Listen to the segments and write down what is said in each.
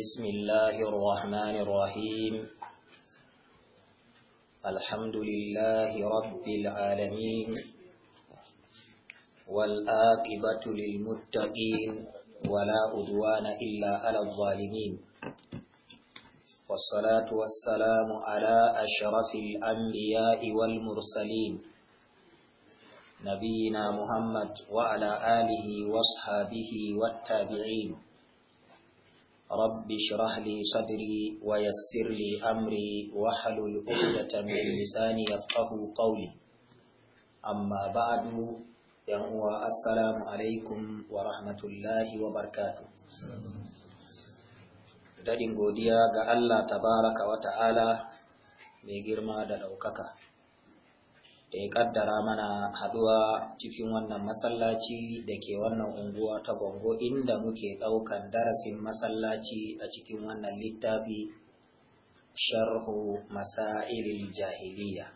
بسم الله الرحمن الرحيم الحمد لله رب العالمين والآقبة للمتقين ولا أدوان إلا على الظالمين والصلاة والسلام على أشرف الأنبياء والمرسلين نبينا محمد وعلى آله واصحابه والتابعين رب اشرح لي صدري ويسر لي أمري واحلل عقدة من لساني يفقه قولي أما بعد يهو السلام عليكم ورحمة الله وبركاته Dadin godiya ga Allah tabaraka wa ta'ala mai girma da ɗaukaka. da ya kaddara mana haduwa cikin wannan masallaci da ke wannan unguwa ta gongo inda muke daukan darasin masallaci a cikin wannan littafi sharhu masailil jahiliya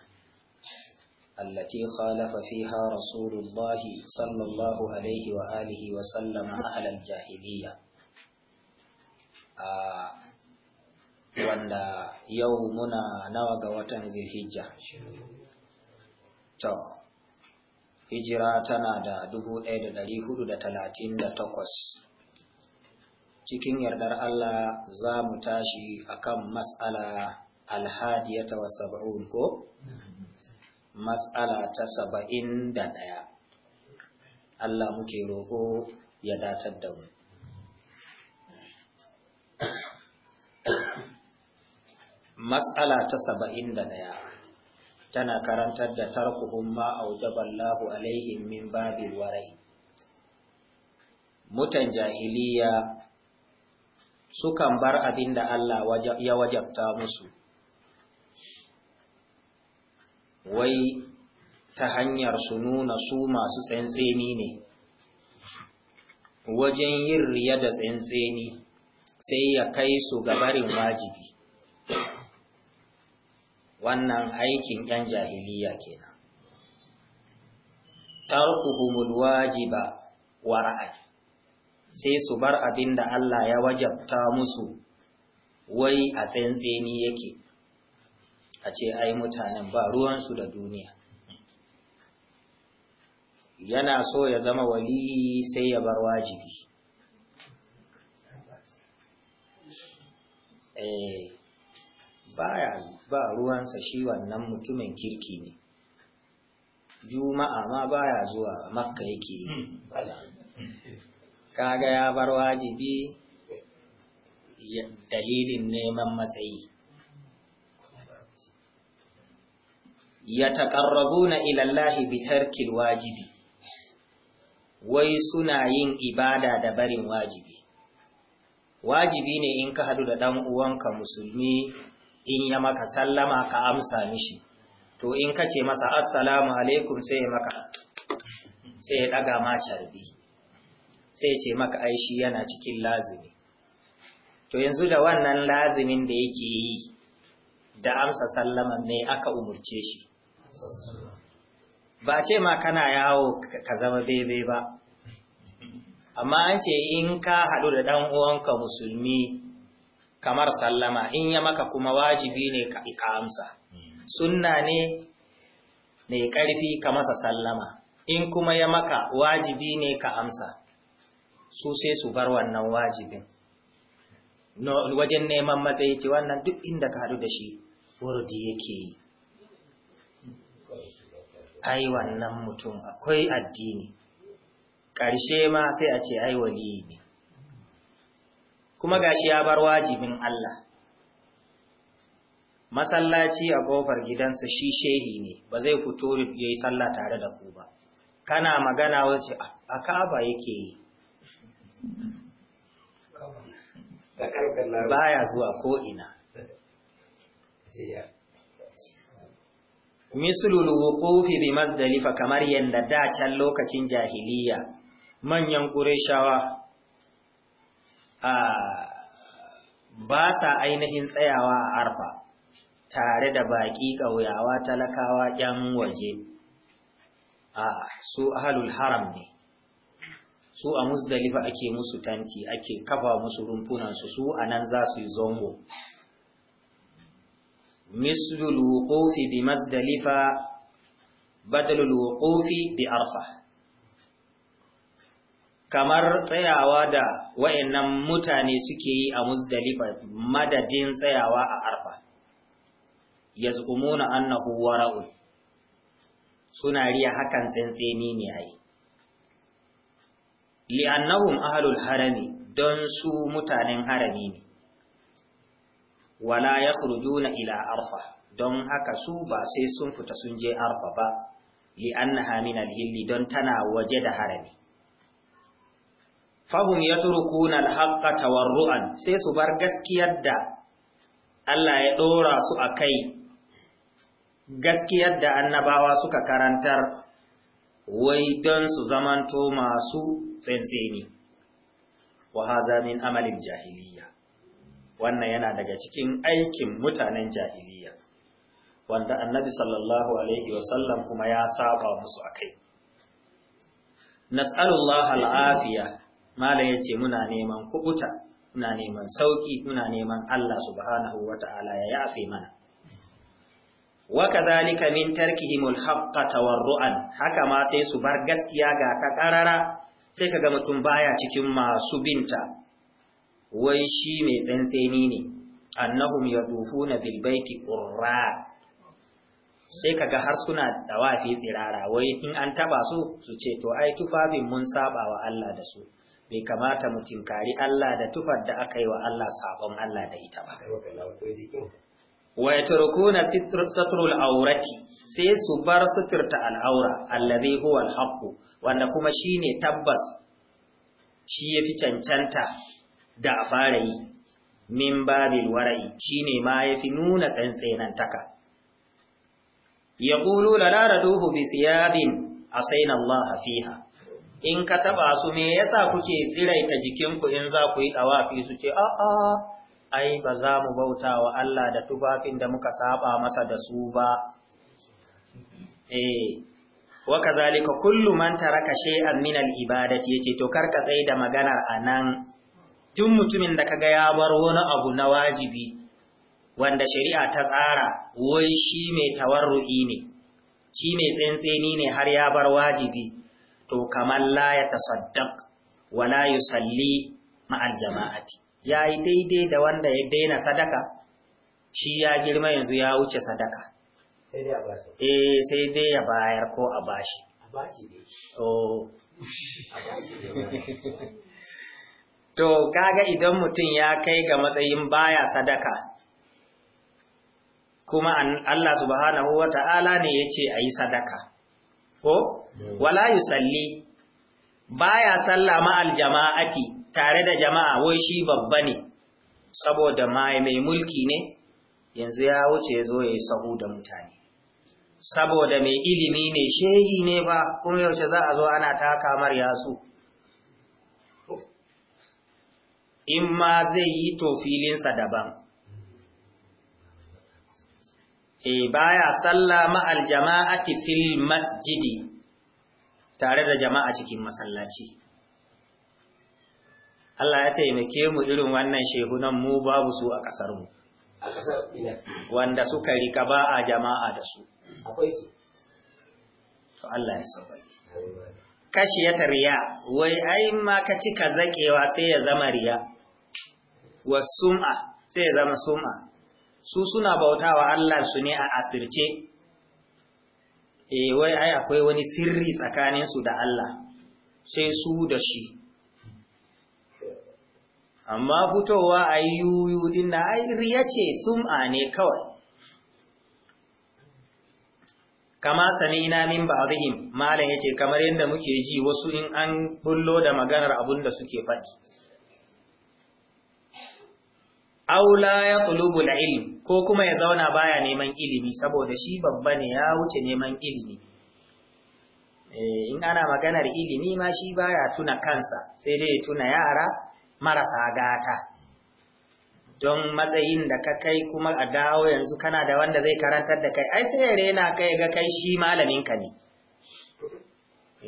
allati khalafa fiha rasulullah sallallahu alaihi wa alihi wa sallama ahlal jahiliya wanda yau muna nawa ga watan hijja? to hijira tana da 1438 cikin yardar Allah za mu tashi a kan mas'ala alhadiyata wa saba'un ko? mas'ala ta saba'in da ɗaya Allah muke roƙo ya datar da mu mas'ala ta saba'in da ɗaya tana karantar da tarkuhum ma aujaballahu alaihim min babil warai mutan jahiliya sukan bar abin da Allah ya wajabta musu wai ta hanyar su nuna su masu tsantseni ne wajen yin riya da tsantseni sai ya kai su ga barin wajibi wannan aikin ‘yan jahiliya kenan. Tarkuhumul wajiba wa ra'ai, sai su bar abin da Allah ya wajabta musu wai a tsantseni yake, a ce ai mutanen ba ruwansu da duniya. Yana so ya zama wali sai ya bar wajibi. Eh. baya ba ruwansa shi wannan mutumin kirki ne juma'a ma baya zuwa makka yake kaga ya bar wajibi dalilin neman matsayi ya taƙarrabu na ilallahi bitarkil wajibi wai suna yin ibada da barin wajibi wajibi ne in ka hadu da ɗan uwanka musulmi in ya maka sallama ka amsa mishi to in ka ce masa assalamu alaikum sai ya maka sai ya daga ma carbi sai ce maka aishi yana cikin lazimi to yanzu da wannan lazimin da yake yi da amsa sallama ne aka umurce shi ba ce ma kana yawo ka zama bebe ba amma an ce in ka haɗu da ɗan uwanka musulmi kamar sallama in ya maka kuma wajibi ne ka amsa hmm. sunna ne mai ƙarfi ka masa sallama in kuma ya maka wajibi ne ka amsa su sai su bar wannan wajibin no, wajen neman matsayi ce wannan duk inda ka hadu da shi wurdi yake yi ai wannan mutum akwai addini Karshe ma sai a ce ai waliyi ne kuma gashi ya bar wajibin Allah masallaci a ƙofar gidansa shi shehi ne ba zai fito ya yi sallah tare da ku ba kana magana wace a kaba yake yi baya zuwa ko ina. mislul wuqufi bi mazdalifa kamar yanda da can lokacin jahiliya manyan qurayshawa ba sa ainihin tsayawa a arfa tare da baƙi ƙauyawa talakawa ‘yan waje a su ahalul haram ne su a musdalifa ake musu tanti ake kafa musu rumfunansu su a nan za su yi zongo mislul wuqufi bi masdalifa badalul wuqufi bi arfa kamar tsayawa da wa'annan mutane suke yi a muzdalifa madadin tsayawa a arfa ya zukumuna annahu wara’u suna riya hakan tsantseni ne ai li'annahum ahlul harami don su mutanen harami ne wala yakhrujuna ila arfa don haka su ba sai sun fita sun je arfa ba li'annaha min al-hilli don tana waje da harami fahum yatrukuna al-haqqa tawarruan sai su bar gaskiyar da Allah ya ɗora su a kai gaskiyar da annabawa suka karantar wai don su zamanto masu tsantseni wa haza min amalin jahiliya wannan yana daga cikin aikin mutanen jahiliya wanda annabi sallallahu alaihi wasallam kuma ya saba musu akai nas'alullahi al'afiya malam ya ce muna neman kubuta muna neman sauki muna neman Allah subhanahu wata'ala ya yafe mana wa kadhalika min tarkihimul haqqa tawarruan haka ma sai su bar gaskiya ga kakarara ƙarara, sai kaga mutum baya cikin masu binta wai shi mai tsantseni ne annahum yadufuna bil baiti qurra sai kaga har suna dawafi tsirara wai in an taɓa su su ce to ai tufafin mun saba wa Allah da su bai kamata mu tinkari Allah da tufar da aka yi wa Allah sabon Allah da ita ba. Wa ya na satrul aurati sai su bar suturta al'aura allazi huwa alhaqqu wanda kuma shine tabbas shi yafi cancanta da a fara yi min babil wara'i shine ma yafi nuna tsantsenantaka. Yaqulu la raraduhu bi siyabin a Allah fiha in ka taba su me yasa kuke tsiraita jikinku in za ku yi tawafi su ce a'a ai ba za mu bauta wa Allah da tufafin da muka saba masa da su ba eh wa kazalika kullu man taraka shay'an min al-ibadati yace to kar ka tsaye da maganar anan duk mutumin da kaga ya bar wani abu na wajibi wanda shari'a ta tsara wai shi mai tawarru'i ne shi mai tsantseni ne har ya bar wajibi to kamar la ya tasaddaq wala yusalli ma'al jama'ati yayi daidai da wanda ya daina sadaka shi ya girma yanzu ya wuce sadaka sai dai eh, sai dai ya bayar ko a bashi To To, kaga idan mutum ya kai ga matsayin baya sadaka, kuma Allah subhanahu wa ta'ala ne ya ce a yi sadaka, ko? wala yusalli baya salla ma'al aljama'ati, tare da jama'a wai shi babba ne saboda mai mai mulki ne yanzu ya wuce ya zo ya yi sahu da mutane saboda mai ilimi ne shehi ne ba kuma yaushe za a zo ana taka mar yasu in ma zai yi to filinsa daban e baya salla ma'al aljama'ati fil masjidi tare da jama'a cikin masallaci Allah ya taimake mu irin wannan shehunan mu babu su a ƙasar mu wanda suka rika ba a jama'a da su akwai su to Allah ya sauƙaƙe kashi ya tariya, wai ai ma ka cika zakewa sai ya zama riya wasum'a sai ya zama sum'a su suna bautawa Allah su ne a asirce eh wai ai akwai wani sirri tsakaninsu da Allah sai su da shi amma fitowa a yi yuyu din na riya ce sum'a ne kawai kama sami ina min ba malam ya ce kamar yadda muke ji wasu in an bullo da maganar abun da suke faɗi aula ya tulubu da ilm ko kuma ya zauna baya neman ilimi saboda shi babba ne ya wuce neman ilimi eh, in ana maganar ilimi ma shi baya tuna kansa sai dai tuna yara marasa gata don matsayin da ka kai kuma a dawo yanzu kana da wanda zai karantar da kai ai sai ya rena kai ga kai shi malamin ka ne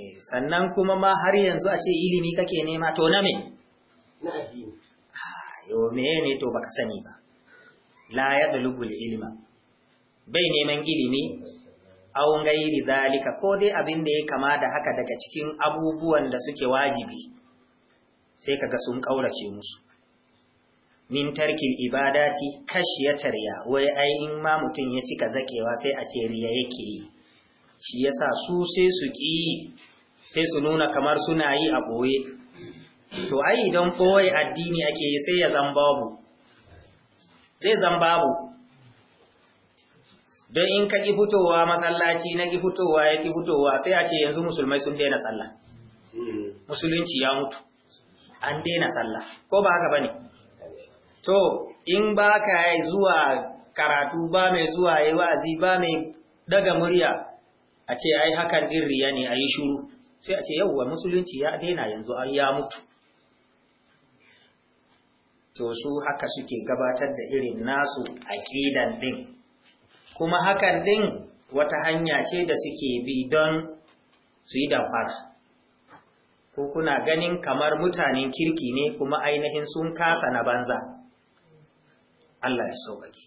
eh, sannan kuma ma har yanzu a ce ilimi kake nema to na me na addini yo menene to baka sani ba la yadlugul ilma bai neman ilimi aw gairi zalika ko dai abin da ya kama da haka daga cikin abubuwan da suke wajibi sai kaga sun kaurace musu min tarkil ibadati kashiyatar ya wai ai in ma mutum ya cika zakewa sai a ce riya yake yi shi yasa su sai su ki sai su nuna kamar suna yi a boye to ai idan kowai addini ake yi sai ya zan babu zambabu. zan babu don in ka ƙi fitowa masallaci na ƙi fitowa ya ƙi fitowa sai a ce yanzu musulmai sun daina sallah musulunci ya mutu an daina sallah ko ba haka bane to in ba ka zuwa karatu ba mai zuwa yi wa'azi ba mai daga murya a ce ai hakan ɗin riya ne a yi shuru sai a ce yauwa musulunci ya daina yanzu ya mutu to su haka suke gabatar da irin nasu aƙidan ɗin kuma hakan ɗin wata hanya ce da suke bi don su yi damfara ko kuna ganin kamar mutanen kirki ne kuma ainihin sun kasa na banza Allah ya sauƙaƙi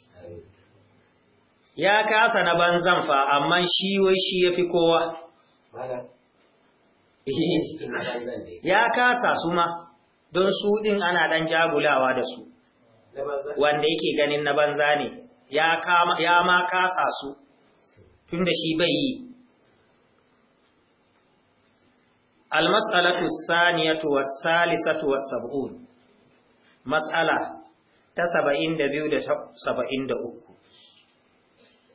ya kasa na banzan fa amma shi wai shi ya fi kowa ya kasa su ma don su ɗin ana ɗan jagulawa da su, wanda yake ganin na banza ne, ya ma kasa su, tunda shi bai yi. Almas'alatu saniyatu wasalisatu wasab'un, mas'ala ta saba'in da biyu da saba'in da uku.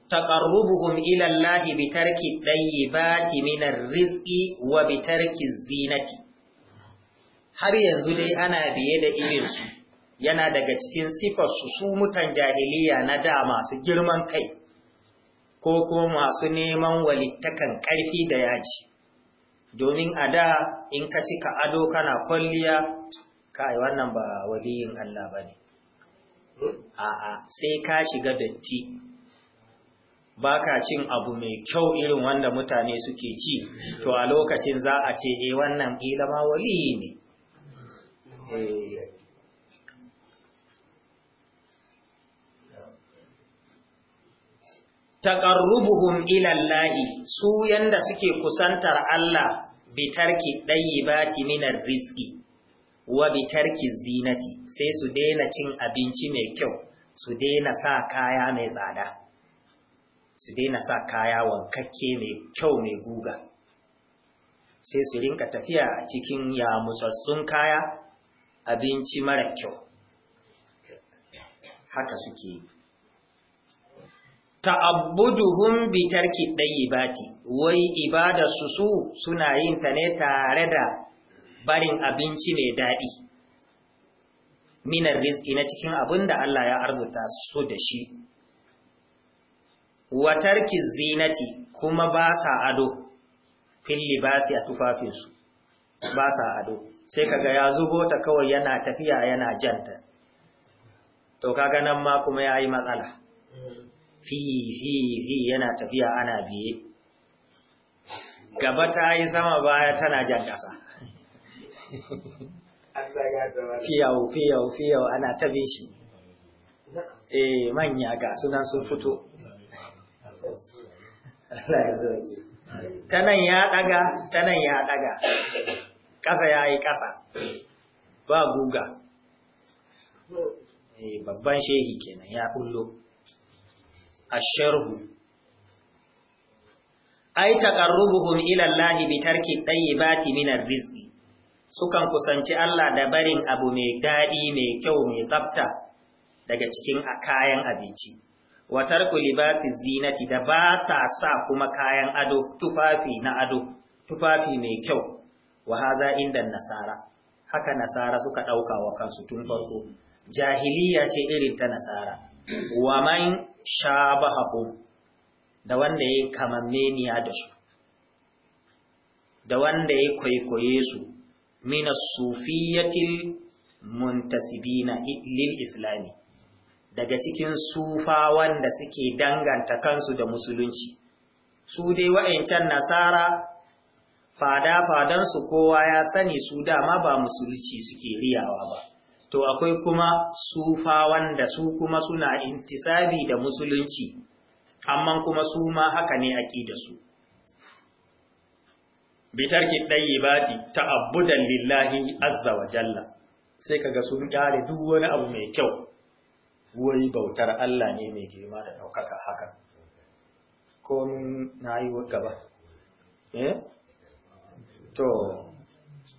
تقربهم إلى الله بترك الطيبات من الرزق وبترك الزينة har yanzu dai ana biye da irinsu yana daga cikin sifarsu su mutan jahiliya na da masu girman kai ko kuma masu neman walittakan ƙarfi da yaji domin a da in ka ci ka ado kana kwalliya kai wannan ba waliyin Allah ba ne a'a sai ka shiga datti Baka cin abu mai kyau irin wanda mutane suke ci to a lokacin za a ce e wannan ƙila ma waliyi ne taƙarrubuhum ilallahi su yanda suke kusantar Allah bitarki ɗayyibati minar rizki wa tarki zinati sai su daina cin abinci mai kyau su daina sa kaya mai tsada su daina sa kaya wankakke mai kyau mai guga sai su rinka tafiya cikin yamusassun kaya abinci mara kyau haka suke yi ta'abbuduhum bi tarki dayyibati wai ibada su su suna yin ta ne tare da barin abinci mai daɗi minar rizqi na cikin abinda Allah ya arzuta su da shi wa tarki zinati kuma ba sa ado fil libasi a tufafinsu ba sa ado sai kaga ya zubo ta kawai yana tafiya yana janta to kaga nan ma kuma ya yi matsala fi fi fi yana tafiya ana biye gaba ta yi sama baya tana jan ƙasa fiyau fiyau fiyau ana tabi shi eh manya ga sunan sun fito tanan ya daga tanan ya daga ƙasa ya yi ƙasa ba guga eh, babban shehi kenan ya bullo a sharhu ai taqarrubuhum ila Allah bi tarki tayyibati min ar-rizqi sukan kusanci Allah da barin abu mai dadi mai kyau mai tsafta daga cikin kayan abinci wa tarku libasi zinati da ba sa sa kuma kayan ado tufafi na ado tufafi mai kyau wa haza inda nasara haka nasara suka ɗauka wa kansu tun farko jahiliya ce irin ta nasara wa man shabahum da wanda ya da su da wanda ya kwaikwaye su minas sufiyatil muntasibina lil islami daga cikin sufa wanda suke danganta kansu da musulunci su dai wa'ancan nasara fada-fadansu kowa ya sani su dama ba musulci suke riyawa ba, to akwai kuma sufa wanda su kuma suna intisabi da musulunci, amma kuma su ma haka ne aƙi da su. Bitarki ɗayi ba ti ta'abbudan lillahi azza wa jalla, sai kaga sun ƙare duk wani abu mai kyau, wai bautar Allah ne mai girma da ɗaukaka haka. Ko na yi gaba. Eh? to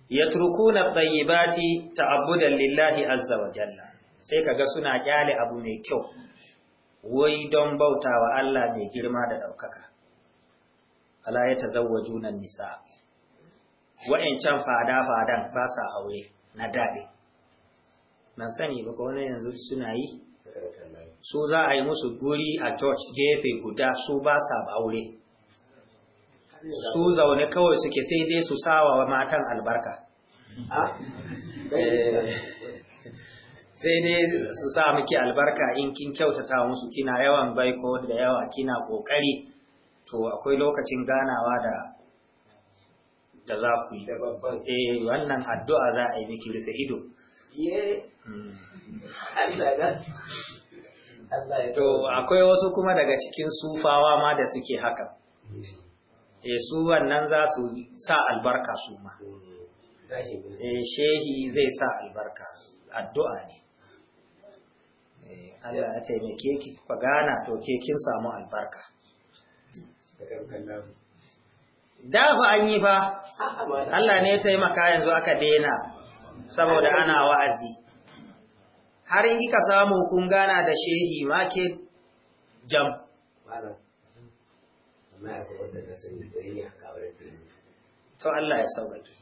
ya turku na ta abu da lillahi azza wa jalla sai kaga suna kyale abu mai kyau wai don bauta wa Allah mai girma da daukaka ala junan nisa wa'ancan fada fadan ba sa aure na daɗe. ban sani ba ko wani yanzu suna yi su za a yi musu guri a church gefe guda su ba sa aure su zaune kawai suke sai dai su sawa wa matan albarka eh, sai dai su sa miki albarka in kin kyautata musu kina yawan baiko da yawa kina kokari to akwai lokacin ganawa da da za ku yi eh wannan addu'a za a yi miki rufe ido hmm. to akwai wasu kuma daga cikin sufawa ma da suke haka hmm. e su wannan za su sa albarka su ma e shehi zai sa albarka addu'a ne eh, Allah ya taimake ki ku gana to ke kin samu albarka da fa an yi fa Allah ne ya taimaka yanzu aka daina saboda ana wa'azi har in kika samu kun gana da shehi ma ke jam amma ya kuma da na sani da yin haka wani tunani to Allah ya sauƙaƙe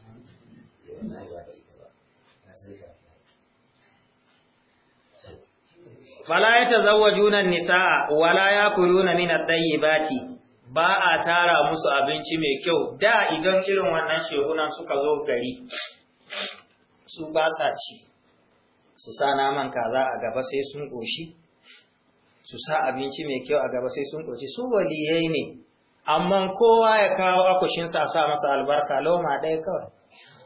fala ya junan nisa'a wala ya yakuluna min at-tayyibati ba a tara musu abinci mai kyau da idan irin wannan shehunan suka zo gari su ba sa ci su sa naman kaza a gaba sai sun ƙoshi su sa abinci mai kyau a gaba sai sun ƙoshi su waliyai ne amma kowa ya kawo akushinsa a sa masa albarka loma ɗaya kawai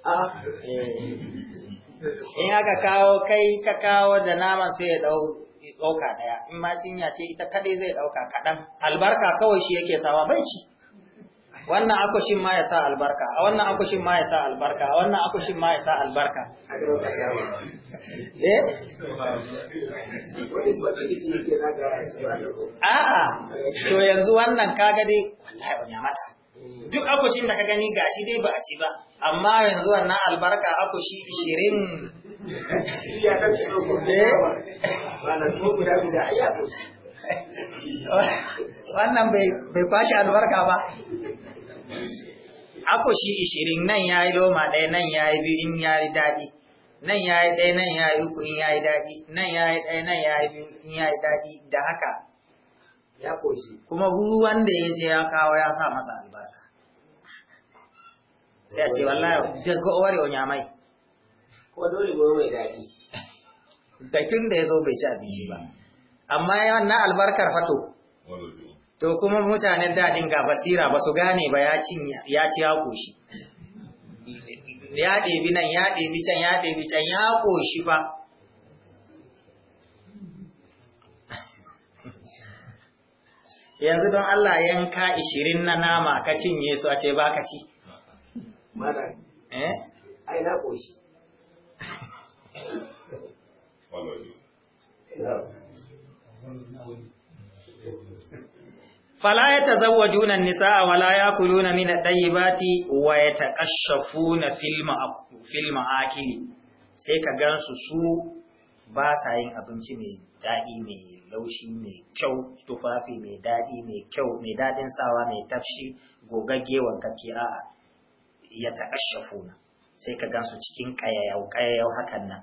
ah, eh. in aka kawo kai ka kawo da naman sai ya ɗauka ɗaya in ma cinya ce ita kaɗai zai ɗauka kaɗan albarka kawai shi yake sawa bai ci wannan akushin ma ya sa albarka a wannan akushin ma ya sa albarka a wannan akushin ma ya sa albarka Eh? A'a, to yanzu wannan kaga dai wallahi wani mata. Duk akwashin da ka gani gashi dai ba a ci ba, amma yanzu wannan albarka akwashi ishirin. Eh? Wannan bai kwashe albarka ba. Akwashi ishirin nan ya yi loma ɗaya nan ya yi biyu in ya yi daɗi. nan ya yi ɗaya nan ya yi uku in ya yi daɗi nan ya yi ɗaya nan ya yi biyu in ya yi daɗi da haka ya koshi kuma ruwan da ya ce ya kawo ya sa masa albarka sai a ce wallahi da gowar yau mai. ko dole gowar mai daɗi da tun da ya zo bai ci abinci ba amma na albarkar fato to kuma mutanen daɗin ga basira ba su gane ba ya ci ya koshi ya ɗebi nan ya ɗebi can ya ɗebi can ya ƙoshi ba yanzu don Allah yanka ishirin na nama ka cinye su a ce ba ka ci eh ai na ƙoshi Thank you. fala yatazawwajuna an-nisaa wa la ya'kuluna min at-tayyibati wa yataqashshafuna fil fil sai ka gansu su ba sa yin abinci mai daɗi mai laushi mai kyau tufafi mai daɗi mai kyau mai daɗin sawa mai tafshi gogagge wankake a'a ya taƙashafuna sai ka gansu cikin ƙayayau ƙayayau hakan nan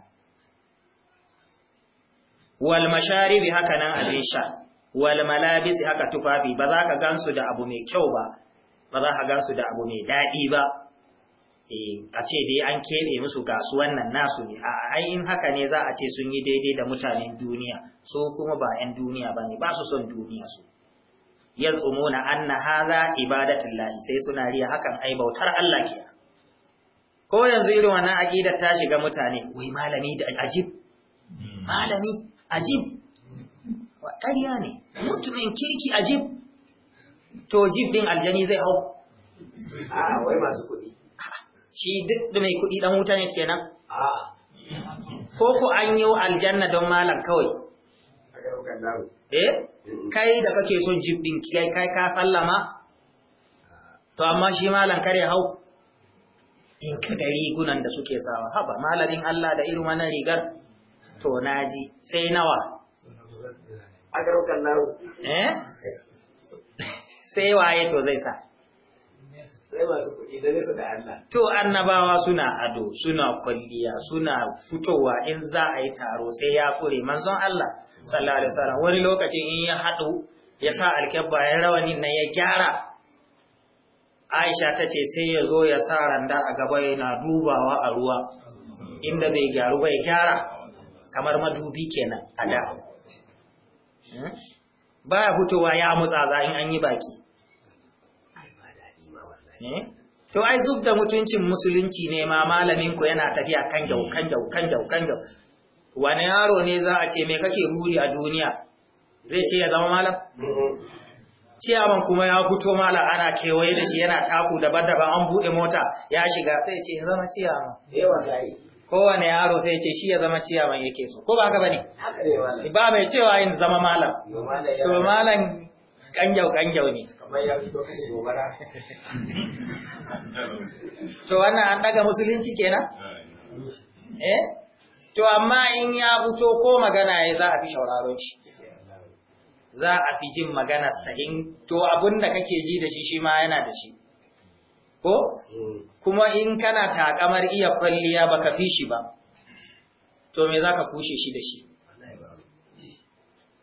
wal masharibi haka nan abin sha wal malabis haka tufafi ba za ka gansu da abu mai kyau ba ba za ka gansu da abu mai daɗi ba eh, a ce dai an keɓe musu gasu wannan nasu ne a in haka ne za a ce sun yi daidai da mutanen duniya su kuma ba 'yan duniya ba ne ba su son duniya su yaz'umuna anna hadha ibadatullahi sai suna riya hakan ai bautar Allah ke ko yanzu irin wannan aqidar ta shiga mutane wai malami da ajib hmm. malami ajib wa ƙarya ne mutumin kirki a jib to jib din aljani zai hau a wai masu kuɗi shi duk da mai kuɗi ɗan wuta ne kenan ko ku an yi aljanna don malam kawai eh kai da kake son jib din kai kai ka sallama to amma shi malam kare hau in ka gari rigunan da suke sawa haba malamin Allah da irin wannan rigar to naji sai nawa a garukan eh sai waye to zai sa sai masu kuɗi da nesa da Allah to annabawa suna ado suna kwalliya suna fitowa in za a yi taro sai ya kure manzon Allah sallallahu alaihi wasallam wani lokacin in ya hadu ya sa alƙabba ya rawani na ya gyara Aisha ta ce sai ya zo ya sa randa a gaba yana dubawa a ruwa inda bai gyaru bai gyara kamar madubi kenan a da Hmm? Ba ya fitowa ya mutsaza in an yi baki hmm? to ai zub da mutuncin musulunci ne ma malamin yana tafiya kan jau kan jau kan jau kan jau wani yaro ne za a ce me kake ruri a duniya zai ce ya zama malam ciyaman kuma ya fito malam ana kewaye da shi yana taku daban-daban an buɗe mota ya shiga sai ce zama ciyaman eh kowane yaro sai ce shi ya zama ciyaman yake so ko ba haka bane ba mai cewa yin zama malam to malam kanjau kanjau ne to wannan an daga musulunci kenan eh to amma in ya fito ko magana ya za a fi shauraron shi za a fi jin magana sahin? to to da kake ji da shi shi ma yana da shi ko hmm. kuma in kana takamar iya kwalliya baka fi shi ba to me zaka kushe shi da shi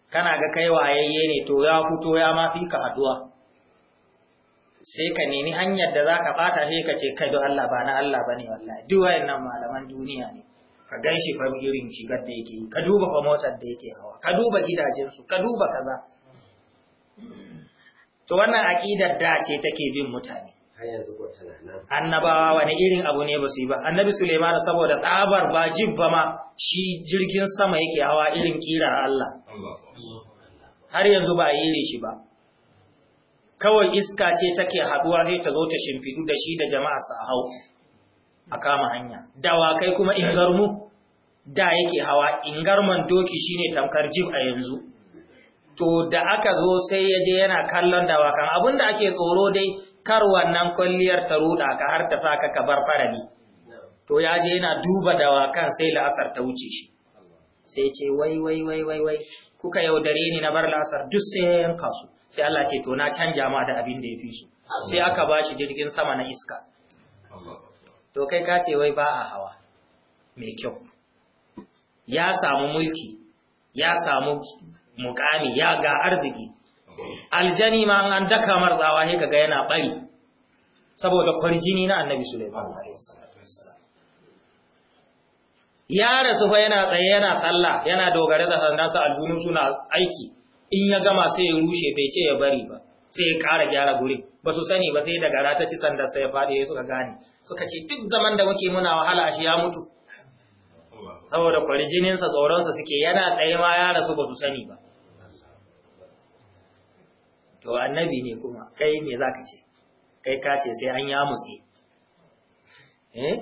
kana ga kai wayayye ne to ya fito ya ma fi ka haduwa sai ka nemi hanyar da zaka fata sai ka ce kai don Allah ba na Allah bane wallahi duk wayannan malaman duniya ne ka ganshi fa irin shigar da yake ka duba fa motar da yake hawa ka duba gidajen ka duba kaza to wannan aƙidar da ce take bin mutane annabawa wani irin abu ne ba su yi ba annabi suleimana saboda tsabar ba jib ba ma shi jirgin sama yake hawa irin kirar Allah har yanzu ba yi shi ba kawai iska ce take haɗuwa sai ta zo ta shimfidu da shi da jama'a su hau a kama hanya kai kuma ingarmu da yake hawa ingarman doki shine tamkar jib a yanzu to da aka zo sai yaje yana kallon dawakan abinda ake tsoro dai kar wannan kwalliyar ta ruɗa ka har ta saka ka bar farani. to ya je yana duba dawakan sai la'asar ta wuce shi sai ce wai wai wai wai wai kuka yaudare ni na bar la'asar duk sai yan kasu. sai Allah ce to na canja ma da abin da ya fi su sai aka ba shi jirgin sama na iska to kai ka ce wai ba a hawa mai kyau ya samu mulki ya samu mukami ya ga arziki aljani ma an daka marzawa sai kaga yana bari saboda kwarjini na annabi Sulaiman ya rasu fa yana tsaye yana sallah yana dogare da sandansa aljunun suna aiki in ya gama sai ya rushe bai ce ya bari ba sai ya ƙara gyara gurin ba su sani ba sai daga rata ci sandar sai ya faɗi ya suka gane suka ce duk zaman da muke muna wahala shi ya mutu saboda kwarjininsa tsoronsa suke yana tsaye ma ya rasu ba su sani ba to annabi ne kuma kai me za ce kai ka ce sai an ya mutse eh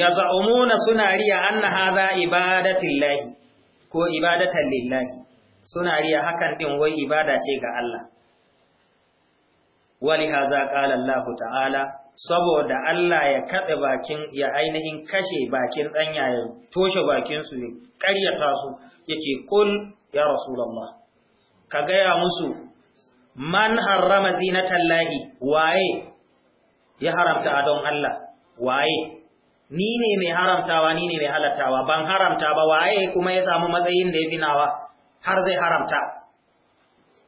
ya za'umuna suna riya anna hadha ibadatillahi ko ibadatan lillahi suna riya hakan din wai ibada ce ga Allah wali hadha qala ta'ala saboda Allah ya katse bakin ya ainihin kashe bakin tsanya ya toshe bakinsu ne ƙaryata su yace kul ya rasulallah ka gaya musu man harrama zinatallahi waye ya haramta don Allah waye ni ne mai haramtawa ni ne mai halattawa ban haramta ba waye kuma ya samu matsayin da ya finawa har zai haramta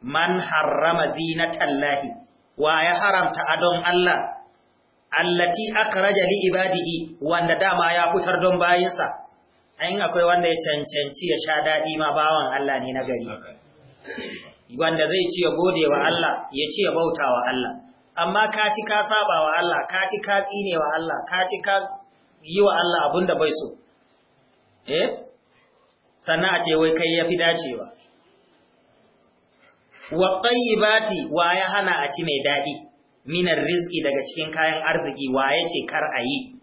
man harrama zinatallahi wa ya haramta adon Allah allati akraja li ibadihi wanda dama ya fitar don bayinsa ayin akwai wanda ya cancanci ya sha dadi ma bawan Allah ne na gari wanda zai ci ya gode wa Allah ya ci ya bauta wa Allah amma ka ci ka saba wa Allah ka ci ka tsine wa Allah ka ci ka yi wa Allah abin da bai so eh sannan a ce wai kai ya fi dacewa wa qayyibati wa ya hana a ci mai dadi minar rizki daga cikin kayan arziki wa ce kar a yi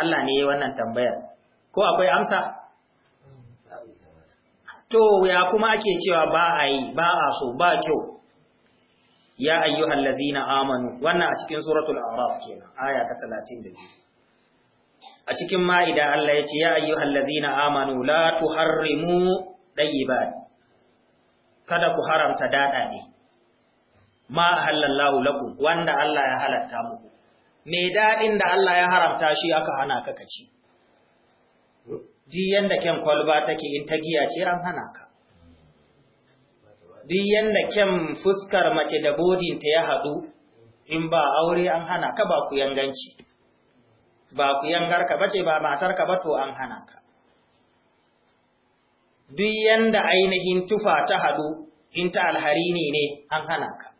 Allah ne ya wannan tambayar ko akwai amsa to ya kuma ake cewa ba a ba a so ba kyau ya ayyuhal ladzina amanu wannan a cikin suratul a'raf kenan aya ta 32 a cikin ma'ida Allah ya ce ya ayyuhal ladzina amanu la tuharrimu dayyibat kada ku haramta dada ne ma halallahu laku wanda Allah ya halatta muku me dadin da Allah ya haramta shi aka hana ka kaci duk yanda kyan kwalba take in ta giya ce an hana ka duk yanda kyan fuskar mace da bodin ta ya hadu in ba aure an hana ka ba ku yanganci ba ku yangar ka bace ba matar ka ba to an hana ka duk yanda ainihin tufa ta hadu in ta alharini ne an hana ka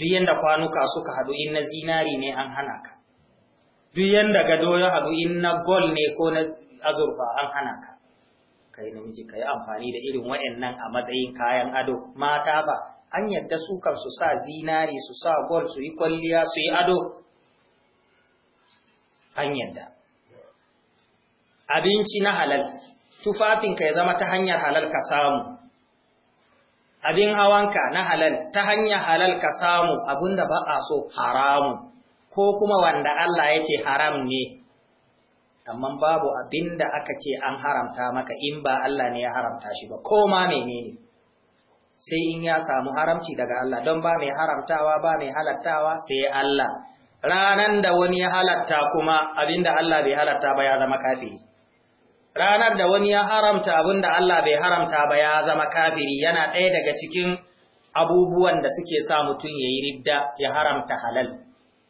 duk yanda kwanuka suka haɗu in na zinari ne an hana ka duk yanda gado ya haɗu in na gol ne ko na azurfa an hana ka kai namiji kai amfani da irin wayannan a matsayin kayan ado mata ba an yadda su kan su sa zinari su sa gol su yi kwalliya su yi ado an yadda abinci na halal tufafinka ya zama ta hanyar halal ka samu abin hawanka na halal ta hanya halal ka samu da ba a so haramun ko kuma wanda Allah ya ce haram ne amma babu abin da aka ce an haramta maka in ba Allah ne ya haramta shi ba ko ma menene sai in ya samu haramci daga Allah don ba mai haramtawa ba mai halattawa sai Allah ranan da wani ya halatta kuma abin da Allah bai halatta ba ya zama kafiri ranar da wani ya haramta abin da Allah bai haramta ba ya zama kafiri yana ɗaya daga cikin abubuwan da suke sa mutum ya yi ridda ya haramta halal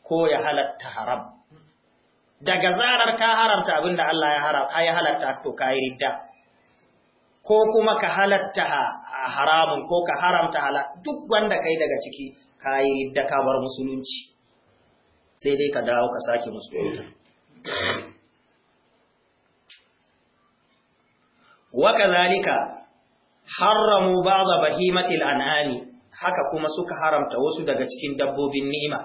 ko ya halatta haram daga zarar ka haramta abin da Allah ya halatta to ka yi ridda ko kuma ka halatta haramun ko ka haramta halal duk wanda ka yi daga ciki ka yi ridda ka bar musulunci sai dai ka dawo ka sake musulunta wa kazalika haramu ba'dha bahimatil an'ami haka kuma suka haramta wasu daga cikin dabbobin ni'ima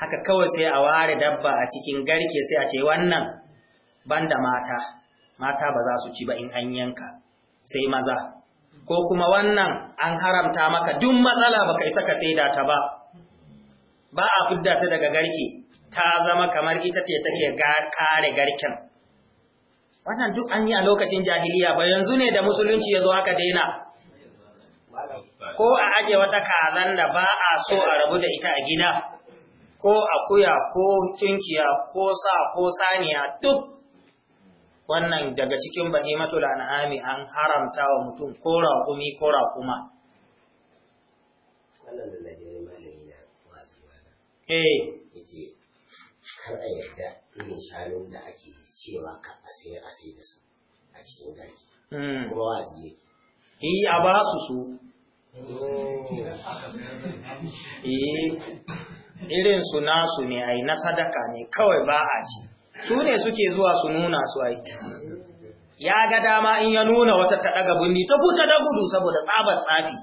haka kawai sai a ware dabba a cikin garke sai a ce wannan banda mata mata ba za su ci ba in an yanka sai maza ko kuma wannan an haramta maka duk matsala baka isa ka saida ta ba ba a fidda ta daga garke ta zama kamar ita ce take kare garken wannan duk an yi a lokacin jahiliya ba yanzu ne da musulunci ya zo aka daina ko a aje wata kazan da ba a so a rabu da ita a gida ko akuya ko tunkiya ko sa ko saniya duk wannan daga cikin bahimatul an'ami an haramta wa mutum ko raƙumi ko raƙuma Eh. Yace, kar a yarda irin shanun da ake cewa ka a sayar a sayar da su a cikin gari hmm. kuma wa su yi a ba su su eh, irin su nasu ne yi na sadaka ne kawai ba a ci su ne suke zuwa su nuna su ai ya ga dama in ya nuna wata ta daga bunni ta fita da gudu saboda tsabar tsafi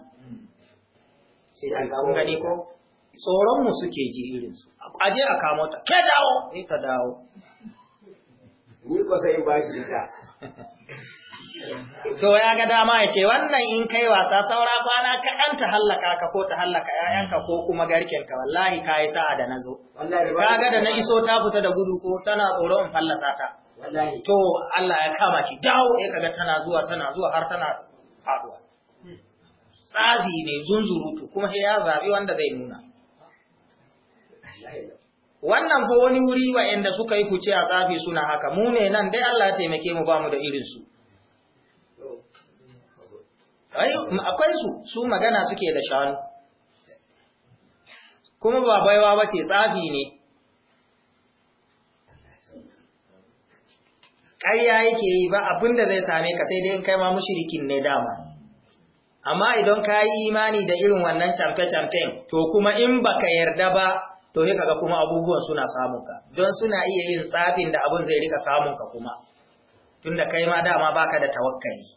sai ta kun gani ko Tsoronmu suke ji irinsu. a aje a kamota ta ke dawo ne ta dawo to ya ga dama ya ce wannan in kai wasa saura kwana kaɗan ta hallaka ka ko ta hallaka ƴaƴanka ko kuma garkenka wallahi ka yi sa'a da na zo ka ga da na iso ta fita da gudu ko tana tsoro in fallasa ta to Allah ya kama ki dawo ya kaga tana zuwa tana zuwa har tana faduwa hmm. tsafi ne zunzurutu kuma sai ya zabi wanda zai nuna wannan fa wani wuri wa'anda suka yi kuce a tsafi suna haka mu ne nan dai Allah ya taimake mu ba mu da irin su akwai su su magana suke da shanu kuma ba baiwa ba ce tsafi ne ƙarya yake yi ba abin da zai same ka sai dai in kai ma mushirikin ne dama amma idan ka imani da irin wannan camfe-camfen to kuma in baka yarda ba to sai kaga kuma abubuwan suna samun ka don suna iya yin tsafin da abun zai rika samun ka kuma tunda kai ma dama baka da tawakkali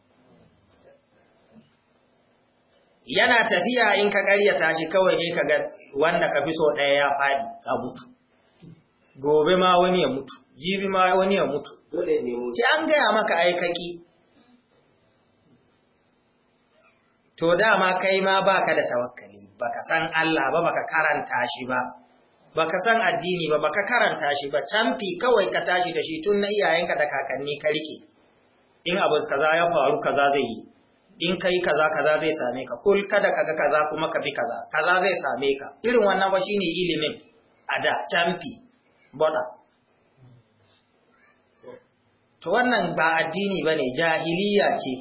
yana tafiya in ka karyata shi kawai sai kaga wanda ka fi so ɗaya ya faɗi a mutu gobe ma wani ya mutu jibi ma wani ya mutu ce an gaya maka aikaki to dama kai ma baka da tawakkali baka san Allah ba baka karanta shi ba baka san addini ba baka karanta shi ba camfi kawai ka tashi da shi tun na iyayenka da kakanni ka rike in abu kaza ya faru kaza zai yi in kai kaza kaza zai same ka kul kada kaga kaza kuma ka bi kaza kaza zai same ka irin wannan ba shine ilimin a da camfi boda to wannan ba addini bane jahiliya ce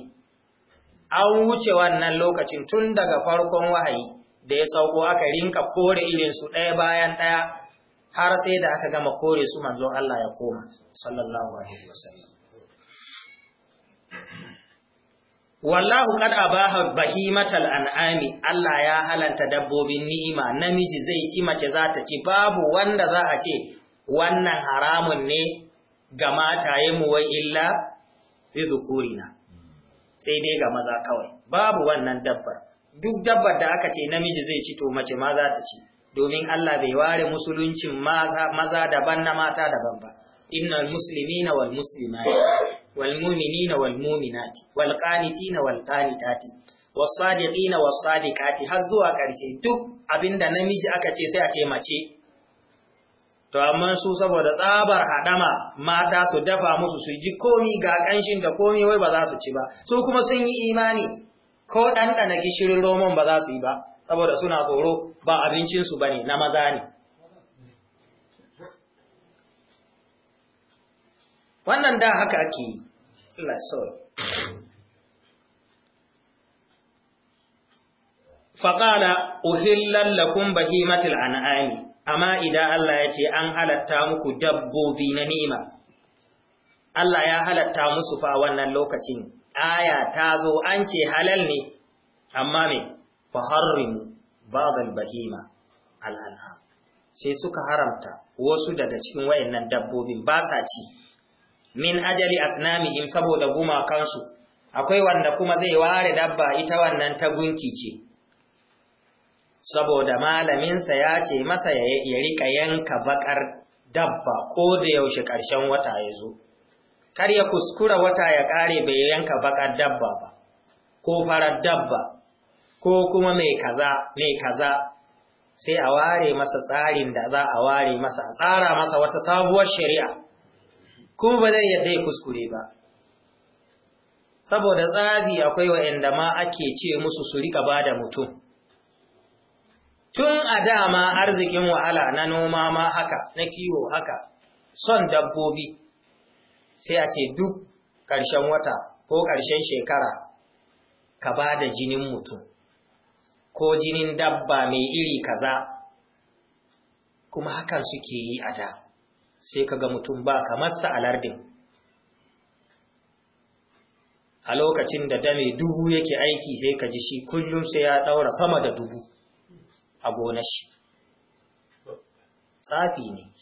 an wuce wannan lokacin tun daga farkon wahayi da ya sauko aka rinka kore irinsu ɗaya bayan ɗaya har sai da aka gama kore su manzon Allah ya koma sallallahu alaihi wasallam wallahu kad abaha bahimatal an'ami Allah ya halanta dabbobin ni'ima namiji zai ci mace za ta ci babu wanda za a ce wannan haramun ne ga mataye mu wai illa bi zukurina sai dai ga maza kawai babu wannan dabbar duk dabbar da aka ce namiji zai ci to mace ma za ta ci domin Allah bai ware musuluncin maza daban na mata daban ba innal muslimina wal muslimati wal mu'minina wal mu'minati wal qanitina wal qanitati was sadiqina was sadiqati har zuwa karshe duk abinda namiji aka ce sai a ce mace to amma su saboda tsabar hadama mata su dafa musu su ji komi ga kanshin da komi wai ba za su ci ba su kuma sun yi imani ko ɗanɗana gishirin roman ba za su yi ba saboda suna tsoro ba abincinsu ba ne na maza ne wannan da haka ake yi faƙala uhillan lakum bahimatul an'ami amma idan Allah ya ce an halatta muku dabbobi na nima, Allah ya halatta musu fa wannan lokacin aya ta zo an ce halal ne amma me faharrimu ba'dal bahima al'an'am sai suka haramta wasu daga cikin wayannan dabbobin ba sa ci min ajali in saboda gumakansu akwai wanda kuma zai ware dabba ita wannan ta gunki ce saboda malaminsa ya ce masa ya rika yanka bakar dabba ko da yaushe ƙarshen wata ya zo kar ya kuskura wata ya ƙare bai yanka baƙar dabba ba, ko farar dabba, ko kuma mai kaza, mai kaza, sai a ware masa tsarin da za a ware masa, a tsara masa wata sabuwar shari'a, ko ba zai yadda ya kuskure ba. Saboda tsabi akwai wa'yanda ma ake ce musu su rika ba da mutum. Tun a dama arzikin wahala na noma ma haka, na kiwo haka, son dabbobi. sai a ce duk ƙarshen wata ko ƙarshen shekara ka ba da jinin mutum ko jinin dabba mai iri kaza kuma hakan suke yi a da sai kaga mutum ba kamar sa alardin a lokacin da dame dubu yake aiki sai ka ji shi kullum sai ya ɗaura sama da dubu a gona shi tsafi ne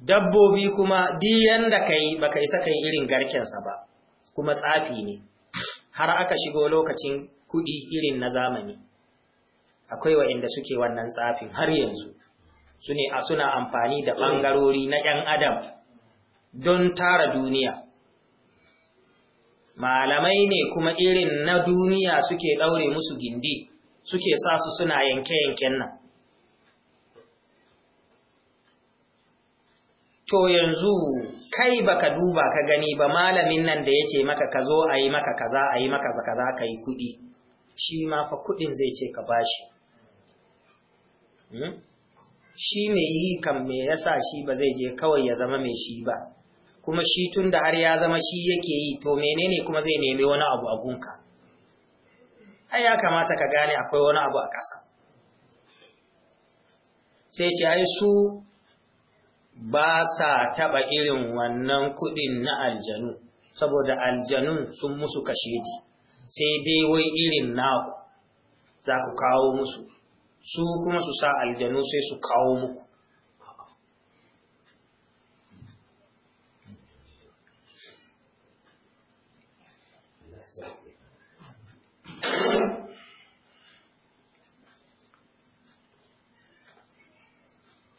dabbobi kuma diyan yanda kai baka isa kai irin garkensa ba kuma tsafi ne har aka shigo lokacin kuɗi irin na zamani akwai wa'inda suke wannan tsafin har yanzu su ne suna amfani da ɓangarori na ‘yan adam don tara duniya malamai ne kuma irin na duniya suke ɗaure musu gindi suke sa su suna yanke-yanken nan to yanzu kai baka duba ka gani ba malamin nan da yace maka ka zo a yi maka kaza a yi maka kaza ka yi kuɗi shi ma fa kuɗin zai ce ka bashi hmm? shi mai yi kan me yasa shi ba zai je kawai ya zama mai shi ba kuma shi tun da har ya zama shi yake yi to menene kuma zai nemi wani abu a gunka ai ya kamata ka gane akwai wani abu a ƙasa sai ce ai su ba sa taɓa irin wannan kuɗin na aljanu, saboda aljanun sun musu kashedi, sai dai wai irin naku za ku kawo musu, su kuma su sa aljanu sai su kawo muku.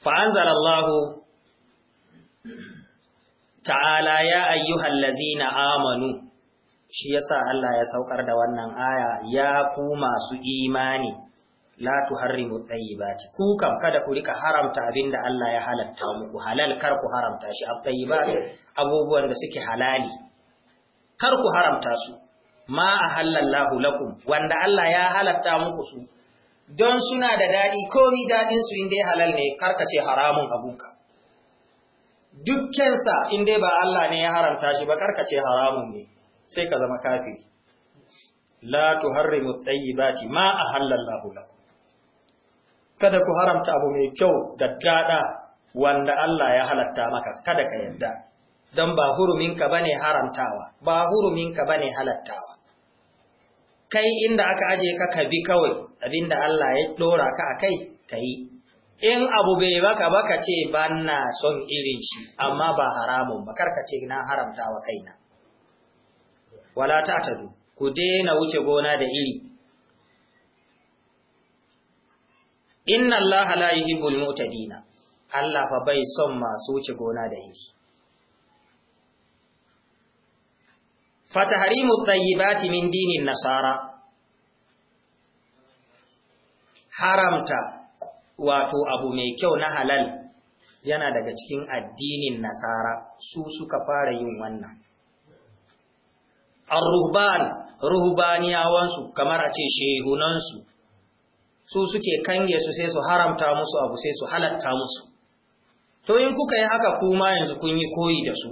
fa'anzar ta'ala ya ayyuhal na amanu shi sa Allah ya saukar da wannan aya ya ku masu imani la tuharrimu tayyibati ku kam kada ku rika haramta abinda Allah ya halatta muku halal kar ku haramta shi at-tayyibat abubuwan da suke halali kar ku haramta su ma ahallallahu lakum wanda Allah ya halatta muku su don suna da daɗi komi dadin su inda halal ne karkace haramun abunka dukkensa in dai ba Allah ne ya haramta shi ba karkace haramun ne sai ka zama kafiri la tuharrimu tayyibati ma ahallallahu lakum kada ku haramta abu mai kyau da dada wanda Allah ya halatta maka kada ka yarda dan ba huruminka bane haramtawa ba huruminka bane halattawa kai inda aka aje ka ka bi kawai abinda Allah ya dora ka akai kai in abu bai baka baka ce ba na son irin shi amma ba haramun ba karkace ce na haramta wa kaina wala ta tadu ku daina wuce gona da iri inna Allah la yuhibbul mu'tadina Allah fa bai son masu wuce gona da iri fa tahrimu tayyibati min dinin nasara haramta wato abu mai kyau na halal yana daga cikin addinin nasara su suka fara yin wannan ar-ruhban ruhbaniyawansu kamar a ce shehunansu su suke kange su sai su haramta musu abu sai su halatta musu to in kuka yi haka kuma yanzu kun yi koyi da su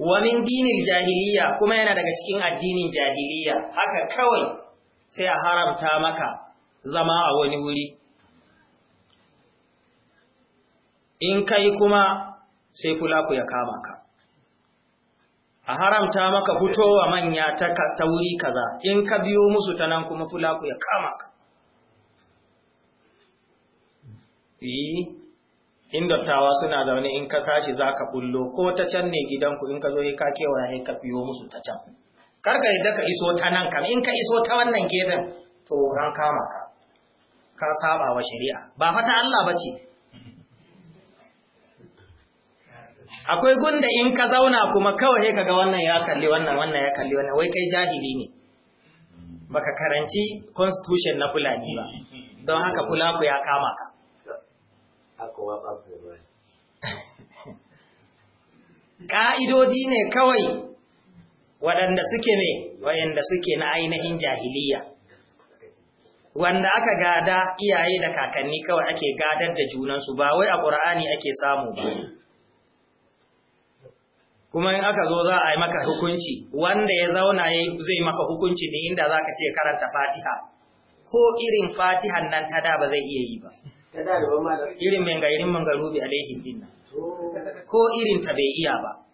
wa min jahiliya kuma yana daga cikin addinin jahiliya haka kawai sai a haramta maka zama a wani wuri in kai kuma sai ku ya kama ka a haramta maka fitowa manya ta wuri kaza in ka biyo musu ta nan kuma fulaku ya kama ka yi in dattawa suna zaune in ka tashi za ka bullo ko ta can ne gidanku in ka zo ka kewaya ya ka biyo musu ta can karka yadda ka iso ta nan kam in ka iso ta wannan gefen to an kama ka ka saba wa shari'a ba fata Allah ba ce akwai gunda in ka zauna kuma kawai ka ga wannan ya kalli wannan wannan ya kalli wannan wai kai jahili ne baka karanci constitution na fulani ba don haka fulaku ya kama ka ƙa'idodi ne kawai waɗanda suke ne waɗanda suke na ainihin jahiliya wanda aka gada iyaye da kakanni kawai ake gadar da junansu ba wai a ƙura'ani ake samu ba kuma in aka zo za a yi maka hukunci wanda ya zauna zai maka hukunci ne inda za ka ce karanta fatiha ko irin fatihan nan ta da ba zai iya yi ba irin menga irin mangarubi alaihi dinna oh. ko irin ta bai iya ba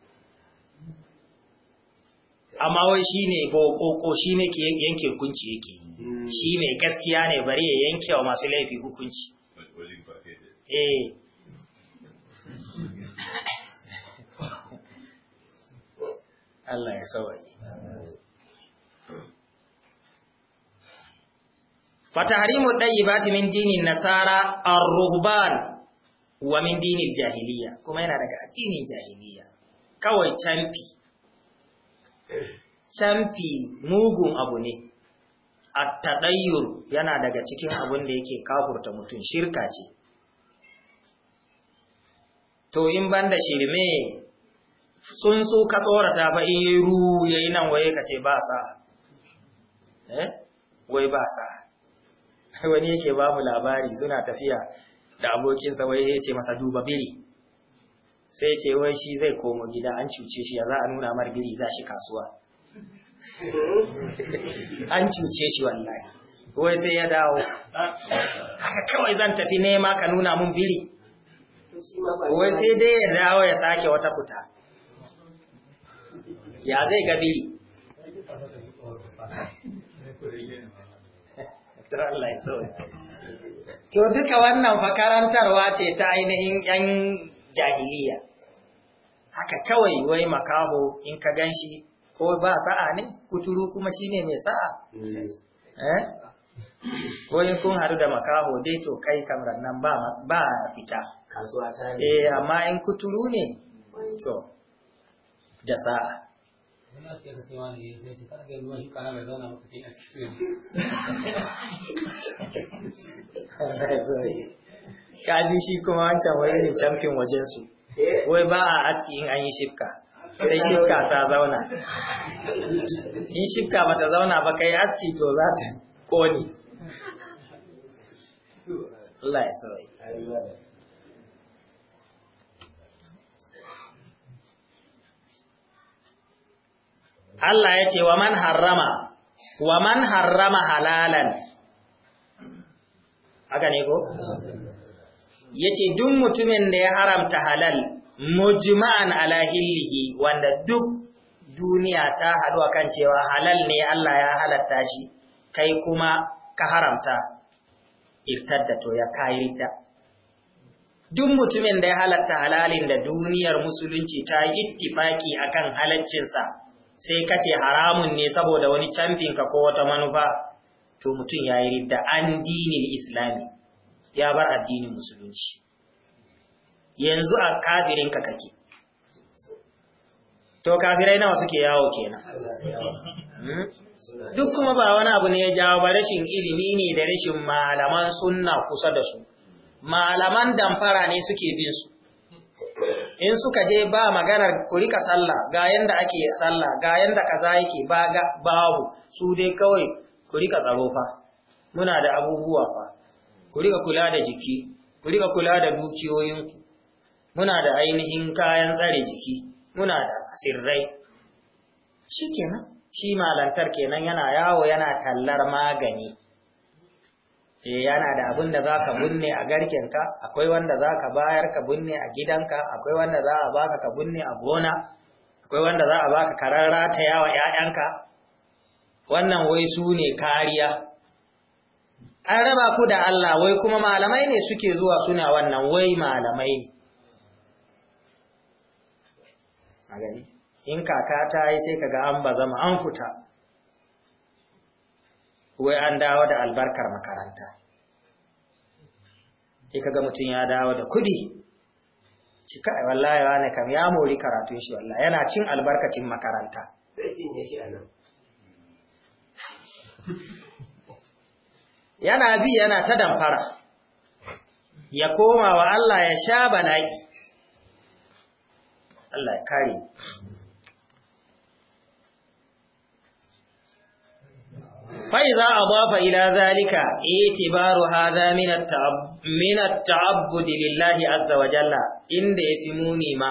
amma wai shi ne bokoko shi ne ke yanke hukunci yake hmm. shi ne gaskiya ne bari ya yanke wa masu laifi hukunci eh Allah ya sawaye fatahrimu dayyibati min dini nasara ar-ruhban wa min dini jahiliya kuma yana daga addinin jahiliya kawai canfi canfi mugun abu ne a taɗayyur yana daga cikin abin da yake kafurta mutum shirka ce to in banda shirme tsuntsu ka tsorata ba in yi ru ya yi nan waye ka ce ba sa eh? wai ba sa wani yake ba mu labari suna tafiya da abokinsa waye ya ce masa duba biri sai ce wai shi zai komo gida an cuce shi ya za a nuna mar biri za shi kasuwa an cuce shi wallahi wai sai ya dawo haka kawai zan tafi nema ka nuna mun biri wai sai dai ya dawo ya sake wata kuta. ya zai ga biri to duka wannan fakarantarwa ce ta ainihin 'yan jahiliya haka kawai wai makaho in ka ganshi ko ba sa'a ne kuturu kuma shine mai sa'a mm. eh ko in kun haru da makaho dai to kai kamran nan ba ba fita kasuwa ta ne eh amma in kuturu ne to da sa'a ina ne ga a cikin kaji shi kuma wancan wani ne camfin wajensu eh. wai ba a aski in an yi shifka sai shifka ta zauna in shifka ba ta zauna ba kai aski to za ta kone Allah ya Allah ya ce wa man harrama wa man harrama halalan haka ne ko yace duk mutumin da ya haramta halal mujma'an ala hillihi wanda duk duniya ta haɗu kan cewa halal ne Allah ya halatta shi kai kuma ka haramta irtadda to ya ta, duk mutumin da ya halatta halalin da duniyar musulunci ta yi ittifaki akan sa sai kace haramun ne saboda wani camfin ka ko wata manufa to mutum yayi ridda an dinin islami ya bar addinin musulunci yanzu a kafirin ka kake to kafirai nawa suke yawo kenan hmm? duk kuma ba wani abu ne ya jawo ba rashin ilimi ne da rashin malaman sunna kusa da su malaman damfara ne suke bin su in suka je ba maganar kurika rika sallah ga yanda ake sallah ga yanda kaza yake ba babu su dai kawai kurika rika tsaro fa muna da abubuwa fa ku riga kula da jiki ku riga kula da dukiyoyinku muna da ainihin kayan tsare jiki muna da asirrai shi kenan shi malantar kenan yana yawo yana tallar magani e yana da abin da za ka bunne a garkenka akwai wanda za ka bayar ka bunne a gidanka akwai wanda za a baka ka bunne a gona akwai wanda za a baka kararra ta yawa ‘ya'yanka wannan wai su ne kariya an raba ku da Allah wai kuma malamai ne suke zuwa suna wannan wai malamai ne in kaka ta yi sai kaga an ba zama an fita wai an dawo da albarkar makaranta sai kaga mutum ya dawo da kudi cika wallahi wani kam ya mori karatun shi wallahi yana cin albarkacin makaranta zai cinye shi a nan yana bi yana ta damfara ya koma wa Allah ya sha bala'i Allah fa'iza a bafa ila zalika itibaru haza minat ta'abbudi azza wa jalla inda ya fi muni ma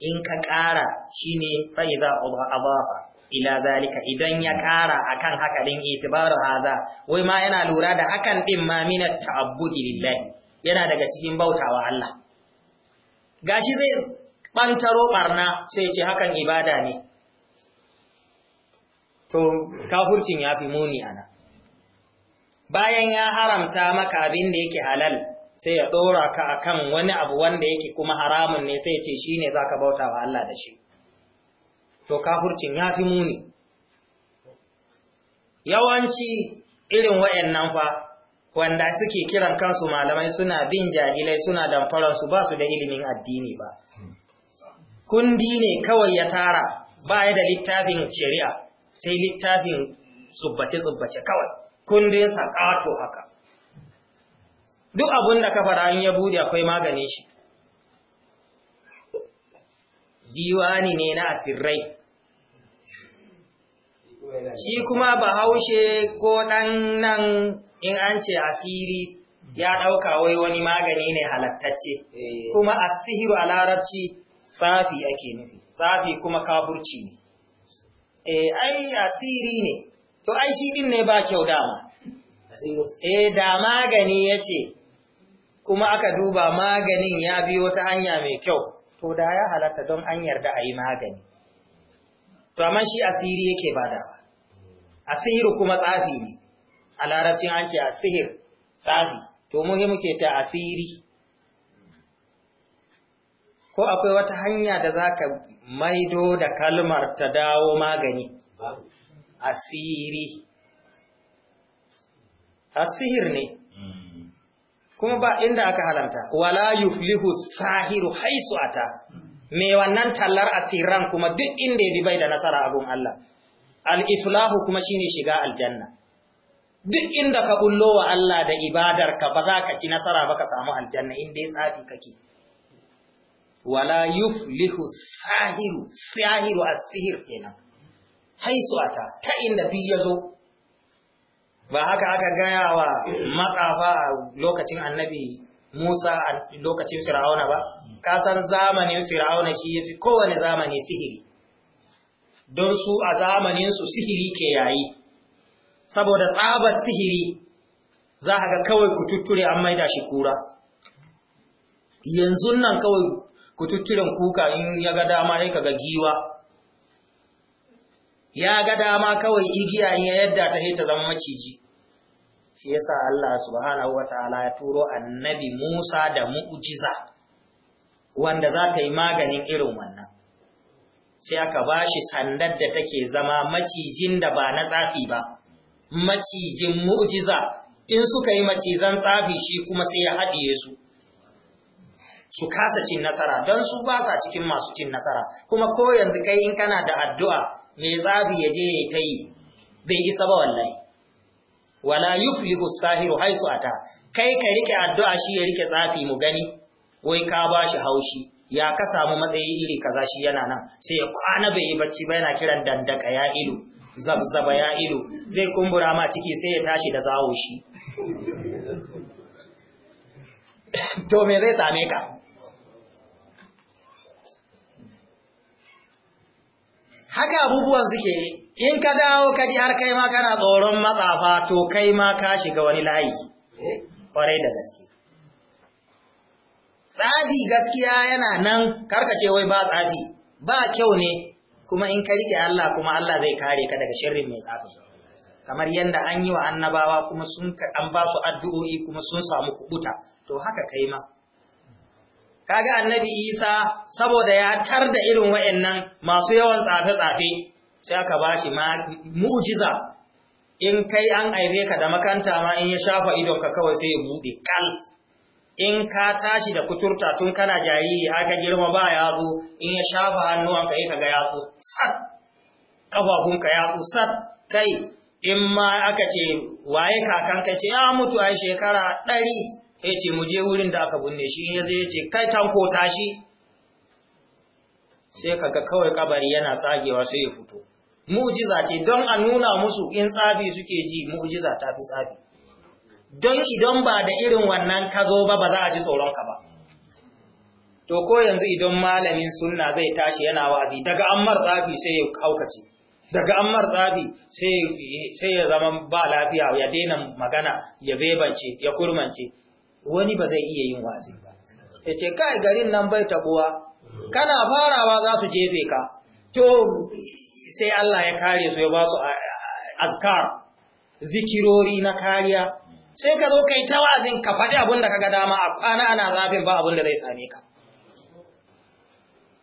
in ka ƙara shine ne fa'iza a ila zalika idan ya ƙara akan haka din itibaru haza wai ma yana lura da hakan din ma minat ta'abbudi lillahi yana daga cikin bautawa Allah gashi zai bantaro barna sai ce hakan ibada ne to kafurcin yafi muni ana bayan ya haramta maka abin da yake halal sai ya dora ka akan wani abu wanda yake kuma haramun ne sai ce shine zaka bautawa Allah da shi to kafurcin ya fi muni yawanci irin wayannan fa wanda suke kiran kansu malamai suna bin jahilai suna damfararsu ba su da ilimin addini ba kundi ne kawai ya tara ya da littafin shari'a sai littafin tsubbace-tsubbace kawai kundin ƙato haka duk abin da kafara in ya bude akwai maganin shi diwani ne na asirrai shi kuma bahaushe ko ɗan nan in an ce asiri ya ɗauka wai wani magani ne halattacce eh. kuma asihiru a larabci safi ake nufi safi kuma kaburci ne eh ai asiri ne to ai shi din ne ba kyau dama e da magani ya ce, kuma aka duba maganin ya biyo ta hanya mai kyau to da ya halatta don an yarda a yi magani to amma shi asiri yake ba badawa asihiru kuma tsafi ne a larabcin an ce asihir tsafi to muhimmi ce ta asiri ko akwai wata hanya da za ka maido da kalmar ta dawo magani asiri asihir ne mm. kuma ba inda aka halanta wala yuflihu sahiru haisu ata mm. me wannan tallar asiran kuma duk inda ya bi bai da nasara abun Allah al-iflahu kuma ne shiga aljanna duk inda ka bullo wa Allah da ibadarka ba za ka ci nasara ba ka samu aljanna inda ya tsafi kake wala yuf lihu sahiru sahiru a sihir kenan haisuata ta inda fi zo. ba haka aka gaya wa matsafa a lokacin annabi Musa a lokacin Fir'auna ba ka zamanin Fir'auna shi ya fi kowane zamani sihiri don su a zamaninsu sihiri ke yayi saboda tsabar sihiri za a ga kawai kututture an maida shi kura yanzu nan kawai kututturen kuka in ya ga dama ya kaga giwa ya ga dama kawai igiya in ya yadda ta hita zama maciji shi yasa Allah subhanahu wataala ya turo annabi Musa da mu'jiza wanda za ta yi maganin irin wannan sai aka ba shi sandar da take zama macijin da ba na tsafi ba macijin mu'jiza in suka yi macizan tsafi shi kuma sai ya haɗiye su su kasa cin nasara don su ba sa cikin masu cin nasara kuma ko yanzu kai in kana da addu'a mai tsafi ya je ya ta yi bai isa ba wallahi wala yuflihu sahiru haisu ata kai ka rike addu'a shi ya rike tsafi mu gani wai ka ba shi haushi ya ka samu matsayi iri kaza shi yana nan sai ya kwana bai yi bacci ba yana kiran dandaka ya ilu zabzaba ya ilu zai kumbura ma ciki sai ya tashi da zawo shi to me zai same ka haka abubuwan suke in ka dawo ka ji har kai ma kana tsoron matsafa to kai ma ka shiga wani layi eh? kwarai da gaske tsafi gaskiya yana nan karka karkace wai ba tsafi ba kyau ne kuma in ka rike Allah kuma Allah zai kare ka daga shirin mai tsafi kamar yadda an yi wa annabawa kuma sun an ba su addu'o'i kuma sun samu kubuta to haka kai ma kaga annabi Isa saboda ya tar da irin wayannan masu yawan tsafe-tsafe sai aka bashi mu'jiza in kai an aibe ka da makanta ma in ya shafa idonka kawai sai ya bude kal in ka tashi da kuturta tun kana jariri har ka girma ba ya zo, in ya shafa hannuwanka yi kaga zo sat ƙafafunka yatsu sat kai in ma aka ce waye kakan ka ce ya mutu a shekara ɗari ya ce mu je wurin da aka binne shi ya zai ce kai tanko tashi sai kaga kawai kabari yana tsagewa sai ya fito mu'jiza ce don a nuna musu in tsafi suke ji mu'jiza ta fi tsafi don idan ba da irin wannan ka zo ba ba za a ji tsoronka ba to ko yanzu idan malamin sunna zai tashi yana wa'azi daga ammar tsafi sai ya haukace daga ammar tsafi sai ya zama ba lafiya ya daina magana ya bebance ya kurmance wani ba zai iya yin wa'azi ba ya ce kai garin nan bai tabuwa kana farawa za su jefe ka to sai Allah ya kare su ya ba su azkar zikirori na kariya sai ka zo kai ta wa'azin ka faɗi abin da kaga dama a kwana ana zafin ba abin da zai same ka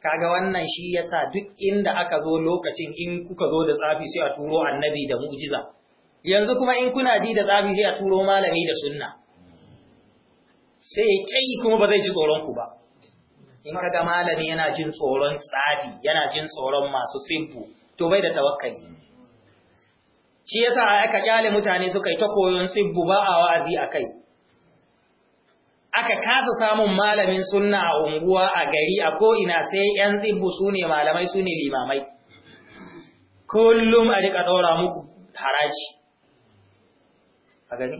kaga wannan shi yasa duk inda aka zo lokacin in kuka zo da tsafi sai a turo annabi da mu'jiza yanzu kuma in kuna ji da tsafi sai a turo malami da sunna sai ya kai kuma ba zai ji tsoron ku ba in kaga malami yana jin tsoron tsafi yana jin tsoron masu simfu to bai da tawakkali shi ya sa aka kyale mutane suka yi ta koyon tsibbu ba a wa'azi a kai aka kasa samun malamin sunna a unguwa a gari a ko'ina sai ‘yan tsibbu su ne malamai su ne limamai kullum a rika ɗora muku haraji a gani?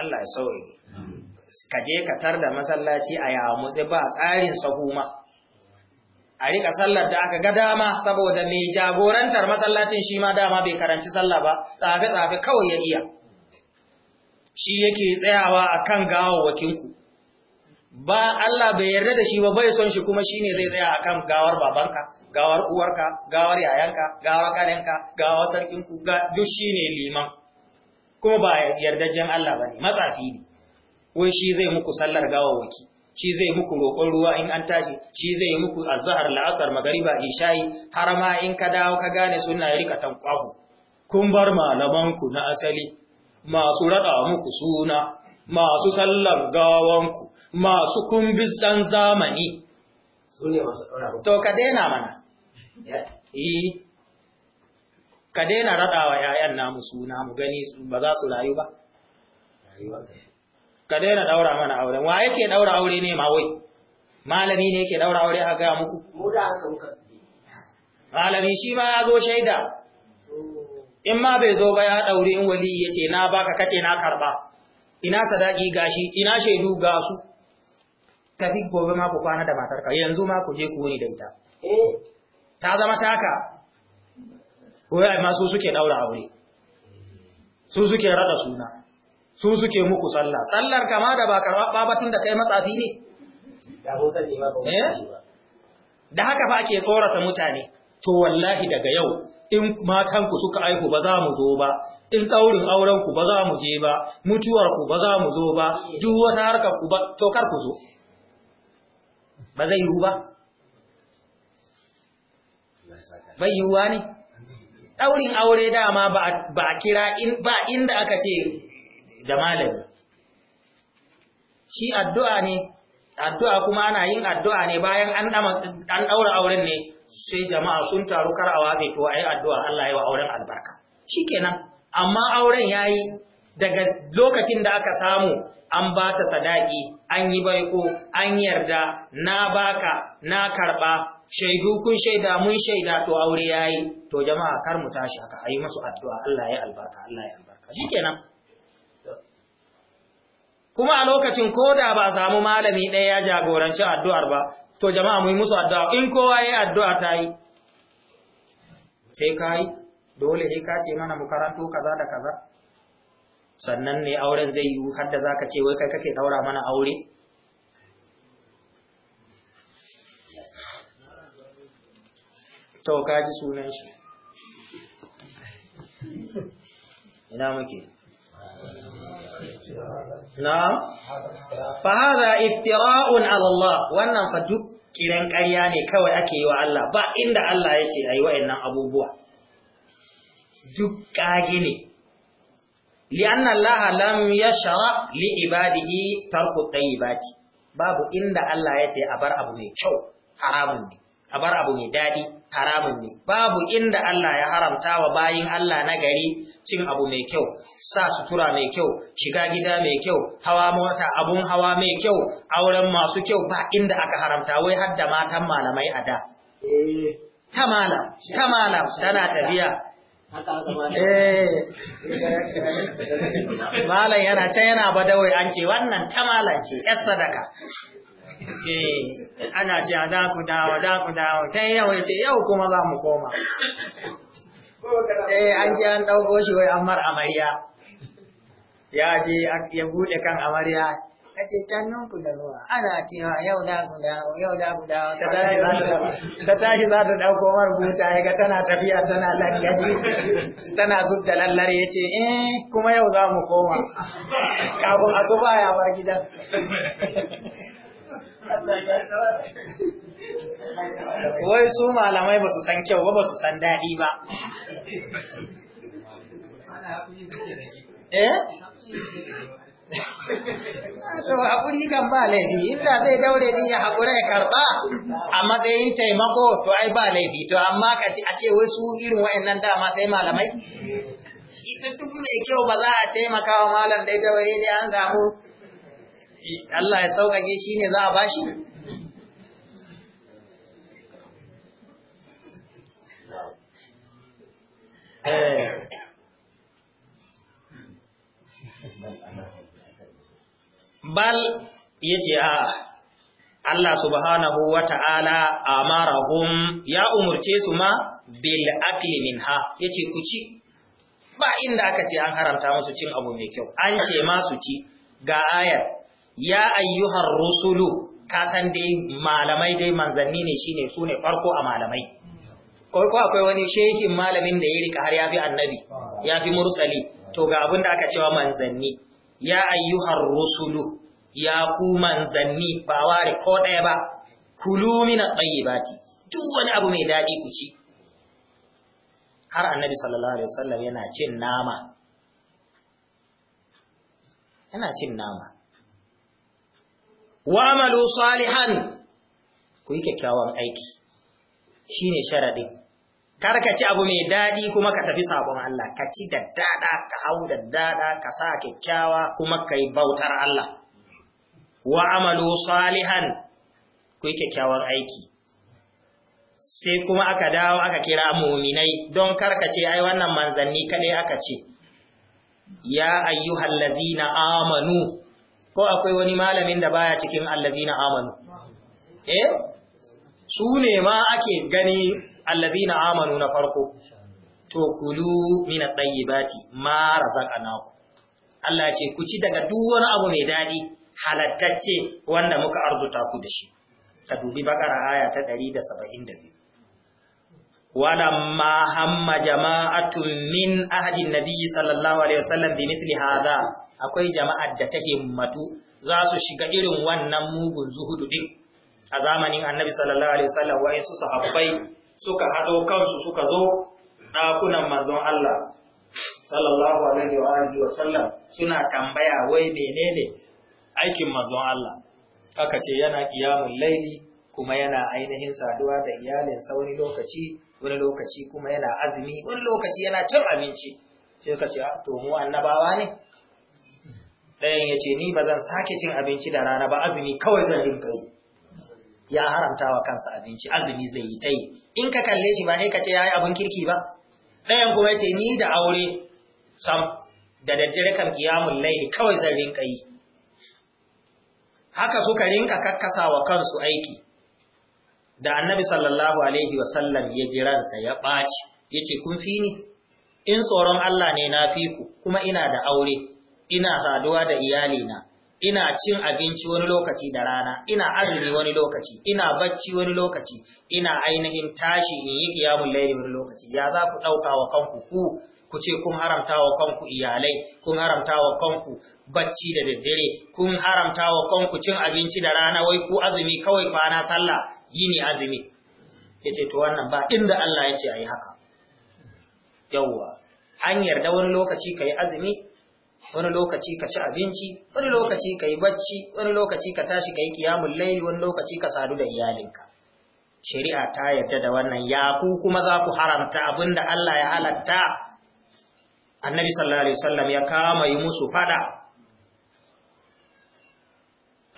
Allah ya sauye ka je ka tar da masallaci a yamutse ba tsarin sahuma a rika sallar da aka ga dama saboda mai jagorantar masallacin shi ma dama bai karanci sallah ba tsafe-tsafe kawai ya iya shi yake tsayawa a kan gawawakinku ba Allah bai yarda da shi ba bai son shi kuma shi ne zai tsaya akan gawar babanka gawar uwarka gawar yayanka gawar karenka gawar sarkinku ga duk shi ne liman kuma ba yardajen Allah ba ne? matsafi ne wai shi zai muku sallar gawawaki shi zai muku roƙon ruwa in an tashi shi zai muku azhar la'asar magariba isha'i har ma in ka dawo ka gane suna ya rika tankwahu kun bar malamanku na asali masu rada muku suna masu sallar gawanku masu kumbin zamani to ka daina mana yi eh. ka daina raɗawa ‘ya'yan namu suna mu gani ba za su rayu ba? ka daina daura mana aure wa yake daura aure ne ma wai malami ne yake daura aure a ga muku malami shi ma ya zo shaida in ma bai zo ba ya daure in wali yace na baka kace na karba ina sadaki gashi ina shaidu ga su tafi gobe ma ku kwana da matarka yanzu ma ku je ku wuni da ita eh. ta zama taka ko ya ma su suke daura aure su suke rada suna su suke muku sallah sallar kama da ba karɓa ba tun da kai matsafi ne eh? da haka fa ake tsorata mutane to wallahi daga yau in matanku suka aihu ba za mu zo ba in ɗaurin aurenku ba za mu je ba mutuwarku ba za mu zo ba duk wata harkar ku ba to kar ku zo ba zai yiwu ba bai yiwuwa ne ɗaurin aure dama ba a kira ba inda aka ce da malami shi addu'a ne addu'a kuma ana yin addu'a ne bayan an an auren ne sai jama'a sun taru kar a wafe to ayi addu'a Allah ya wa auren albarka shikenan amma auren yayi daga lokacin da aka samu an ba ta sadaki an yi baiko an yarda na baka na karɓa, shaidu kun shaida mun shaida to aure yayi to jama'a kar mu tashi a ayi musu addu'a Allah ya albarka Allah ya albarka shikenan kuma a lokacin ko da ba a samu malami ɗaya ya jagoranci addu'ar ba to jama'a mu yi musu addu'a in kowa ya yi addu'a ta yi sai ka yi dole sai ka ce mana makarantu kaza da kaza sannan ne auren zai yiwu hadda za ka ce wai kai kake ɗaura mana aure to ka ji sunan shi ina muke na fahaza iftira'un Allah wannan fa duk kiran ƙarya ne kawai ake yi wa Allah ba inda Allah ya ce a yi wa'in abubuwa duk ƙage ne li'an Allah lam ya shara li'ibadihi tarku ɗayibati babu inda Allah ya ce a bar abu mai kyau haramun ne a bar abu mai daɗi haramun ne babu inda Allah ya haramta wa bayin Allah na gari cin abu mai kyau sa sutura mai kyau shiga gida mai kyau hawa mota abun hawa mai kyau auren masu kyau ba inda aka haramta wai har da matan malamai a da eh. ta malam tana tafiya eh. malam yana can yana badawai an ce wannan ta malam ce yar sadaka Eh, ana ce za ku dawo za ku dawo sai yau ya ce yau kuma za mu koma eh an ji an ɗauko shi wai ammar amarya ya je ya buɗe kan amarya a ce nan ku da ruwa ana cewa yau za ku dawo yau za ku dawo ta tashi za ta ɗauko mar buta ya ga tana tafiya tana langaji tana zub da lallare ya ce eh kuma yau za mu koma kafin a ya bar gidan wai su malamai ba su san kyau ba su san daɗi ba eh to haƙuri kan ba laifi inda zai daure din ya haƙura ya karɓa a matsayin taimako to ai ba laifi to amma ka ci a ce wai su irin nan dama sai malamai ita duk mai kyau ba za a taimaka wa malam dai da ne an samu Allah ya sauƙaƙe shi ne za a bashi? Bal ya ce a Allah subhanahu wa ta'ala a ya umurce su ma bil akli min ha, ya ce ku ci ba inda aka ce an haramta masu cin abu mai kyau an ce masu su ci ga ayar ya ayyuhar rusulu ka san dai malamai dai manzanni ne shine su ne farko a malamai ko ko akwai wani shekin malamin da ya rika har ya fi annabi ya fi mursali to ga abin da aka cewa manzanni ya ayyuhar rusulu ya ku manzanni ba ware ko ɗaya ba kulu mina tsayyibati duk wani abu mai daɗi ku ci har annabi sallallahu alaihi wasallam yana cin nama yana cin nama wa amalu salihan ku yi kyakkyawan aiki shine sharaɗi kar ka ci abu mai daɗi kuma ka tafi sabon Allah ka ci da daɗa ka hau da daɗa ka sa kyakkyawa kuma ka yi bautar Allah wa amalu salihan ku yi kyakkyawan aiki sai kuma aka dawo aka kira muminai don kar ka ce ai wannan manzanni kaɗai aka ce ya ayyuhallazina amanu ko akwai wani malamin da baya cikin allazina amanu eh su ne ma ake gani na amanu na farko to kulu min at-tayyibati ma razaqnakum Allah ce ku ci daga duk wani abu mai dadi halattacce wanda muka arzuta ku da shi ka dubi bakara aya ta 172 walamma hamma jama'atun min ahadin nabiyyi sallallahu alaihi wasallam bi mithli hadha akwai jama'ar da take himmatu za su shiga irin wannan mugun zuhudu din a zamanin annabi sallallahu alaihi wasallam wa'in su sahabbai suka hado kansu suka zo ɗakunan manzon Allah sallallahu alaihi wa alihi wa sallam suna tambaya wai menene aikin manzon Allah aka ce yana qiyamul laili kuma yana ainihin saduwa da iyalinsa wani lokaci wani lokaci kuma yana azumi wani lokaci yana cin abinci sai ka ce ah, to mu annabawa ne ɗayan ya ce ni ba zan sake cin abinci da rana ba azumi kawai zan rinka yi ya haramta wa kansa abinci azumi zai yi ta yi in ka kalle shi ba sai ka ce ya yi abin kirki ba ɗayan kuma ya ce ni da aure sam da daddare kan kiyamun laili kawai zan rinka yi haka suka rinka kakkasa wa kansu aiki da annabi sallallahu alaihi wa sallam ya ji ransa ya ɓaci yace ce kun fi ni in tsoron Allah ne na fi ku kuma ina da aure ina saduwa da iyalina, ina cin abinci wani lokaci da rana, ina azumi wani lokaci, ina bacci wani lokaci, ina ainihin tashi in yi iyamu laili wani lokaci, ya za ku ɗauka wa kanku ku, ku ce kun haramta wa kanku iyalai, kun haramta wa kanku bacci da daddare, kun haramta wa kanku cin abinci da rana wai ku azumi kawai kwana sallah yi yini azumi. Ya ce, to wannan ba inda Allah ya ce a yi haka. Yawwa, an yarda wani lokaci ka yi azumi, wani lokaci ka ci abinci wani lokaci ka yi bacci wani lokaci ka tashi ka yi kiyamun laili wani lokaci ka sadu da iyalinka shari'a ta yarda da wannan ya ku kuma za ku haramta abin da Allah ya halatta annabi sallallahu alaihi wasallam ya kama yi musu fada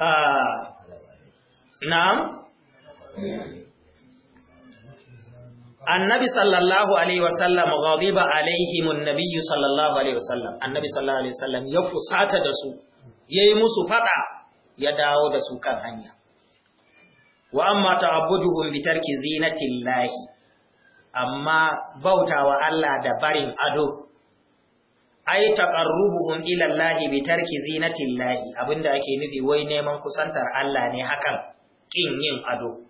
ah, na'am annabi sallallahu alaihi wasallam ghadiba alaihim annabi sallallahu alaihi wasallam annabi sallallahu alaihi wasallam ya fusata da su yayi musu fada ya dawo da su kan hanya wa amma ta'abbuduhum bi tarki zinatillahi amma bautawa Allah da barin ado ai taqarrubuhum ila Allahi bi tarki zinatillahi abinda ake nufi wai neman kusantar Allah ne hakan kin yin ado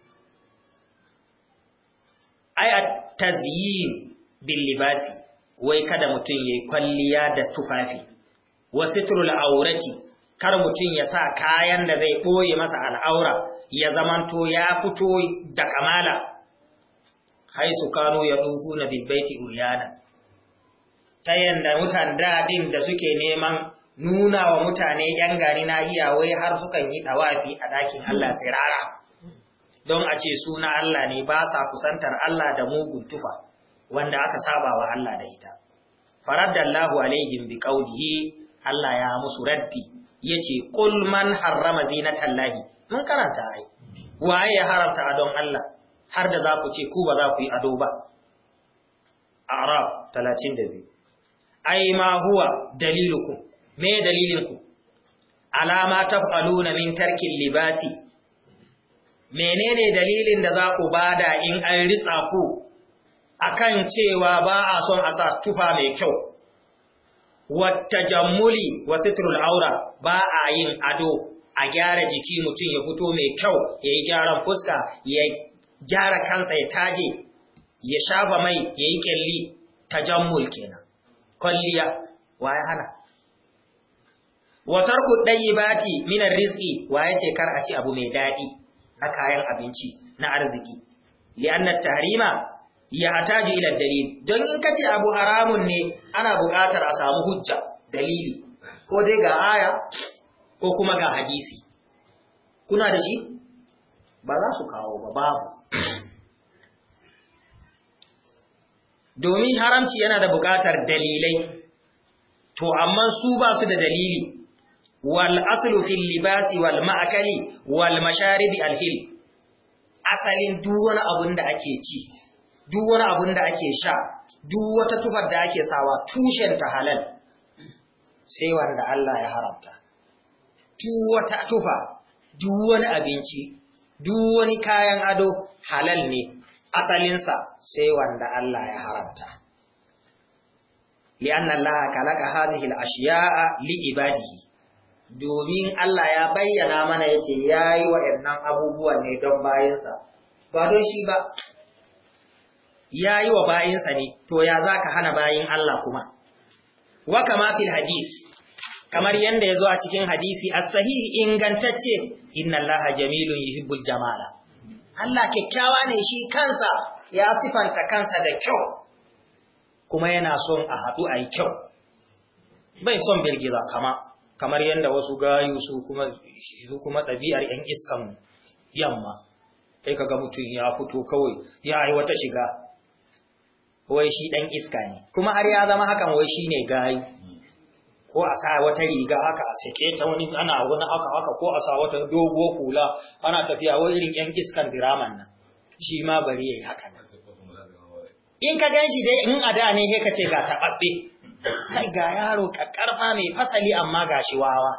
ai tazyin bil libasi wai kada mutum yayi kwalliya da tufafi wa sitrul aurati kar mutum ya sa kayan da zai boye masa al'aura ya zamanto ya fito da kamala haisu kano ya dufu na baiti uyana ta yanda mutan din da suke neman nuna wa mutane yan gari na iya wai har sukan yi dawafi a ɗakin Allah sai rara. don a ce suna Allah ne ba sa kusantar Allah da mugun tufa wanda aka saba wa Allah da ita. Faraddallahu alaihim bi qaulihi Allah ya musu raddi yace qul man harrama zinatallahi mun karanta ai waye ya haramta adon Allah har da za ku ce ku ba za ku yi ado ba Arab 32 ai ma huwa dalilukum me dalilinku alama taf'aluna min tarkil libasi menene dalilin da za ku bada in an ritsa ku akan cewa ba a son a sa tufa mai kyau wata jammuli wa sitrul aura ba a yin ado a gyara jiki mutum ya fito mai kyau ya yi gyaran fuska ya gyara kansa ya taje ya shafa mai ya yi kyalli tajammul kenan kwalliya waye hana wa ku ɗayi bati minar rizki waye ce kar a ci abu mai daɗi na kayan abinci na arziki liannat tahrima ya ila dalil don in kace abu haramun ne ana buƙatar a samu hujja dalili ko dai ga aya ko kuma ga hadisi kuna da shi ba za su kawo ba babu domin haramci yana da buƙatar dalilai to amma su ba su da dalili wal aslu fil libasi wal ma'akali wal masharibi al asalin duk wani abun da ake ci duk wani abun da ake sha duk wata tufar da ake sawa tushen ta halal sai wanda Allah ya haramta duk wata tufa duk wani abinci duk wani kayan ado halal ne asalinsa sai wanda Allah ya haramta. Li'annan Allah kalaka hazihi al'ashiya'a li'ibadihi, domin Allah ya bayyana mana yake ya yi waɗannan abubuwan ne don bayansa, ba don shi ba, ya yi wa bayansa ne, to ya za ka hana bayin Allah kuma. Wa kama fil hadis, kamar yadda ya zo a cikin hadisi, as sahihi ingantacce, inna Allah jamilun yuhibbul jamala. Allah kyakkyawa ne shi kansa ya sifanta kansa da kyau, kuma yana son a haɗu a yi kyau, bai son birgiza kama. kamar yadda wasu gayu su kuma su kuma ɗabi'ar ‘yan iskan yamma kai kaga mutum ya fito kawai ya yi wata shiga wai shi ɗan iska ne kuma har ya zama hakan wai shi ne gayu ko a sa wata riga haka a sake ta wani ana wani haka haka ko a sa wata dogo kula ana tafiya wai irin ‘yan iskan diraman nan shi ma bari ya yi haka in ka gan dai in a da ne sai ka ce ga taɓaɓɓe kai ga yaro kakkarfa mai fasali amma ga shi wawa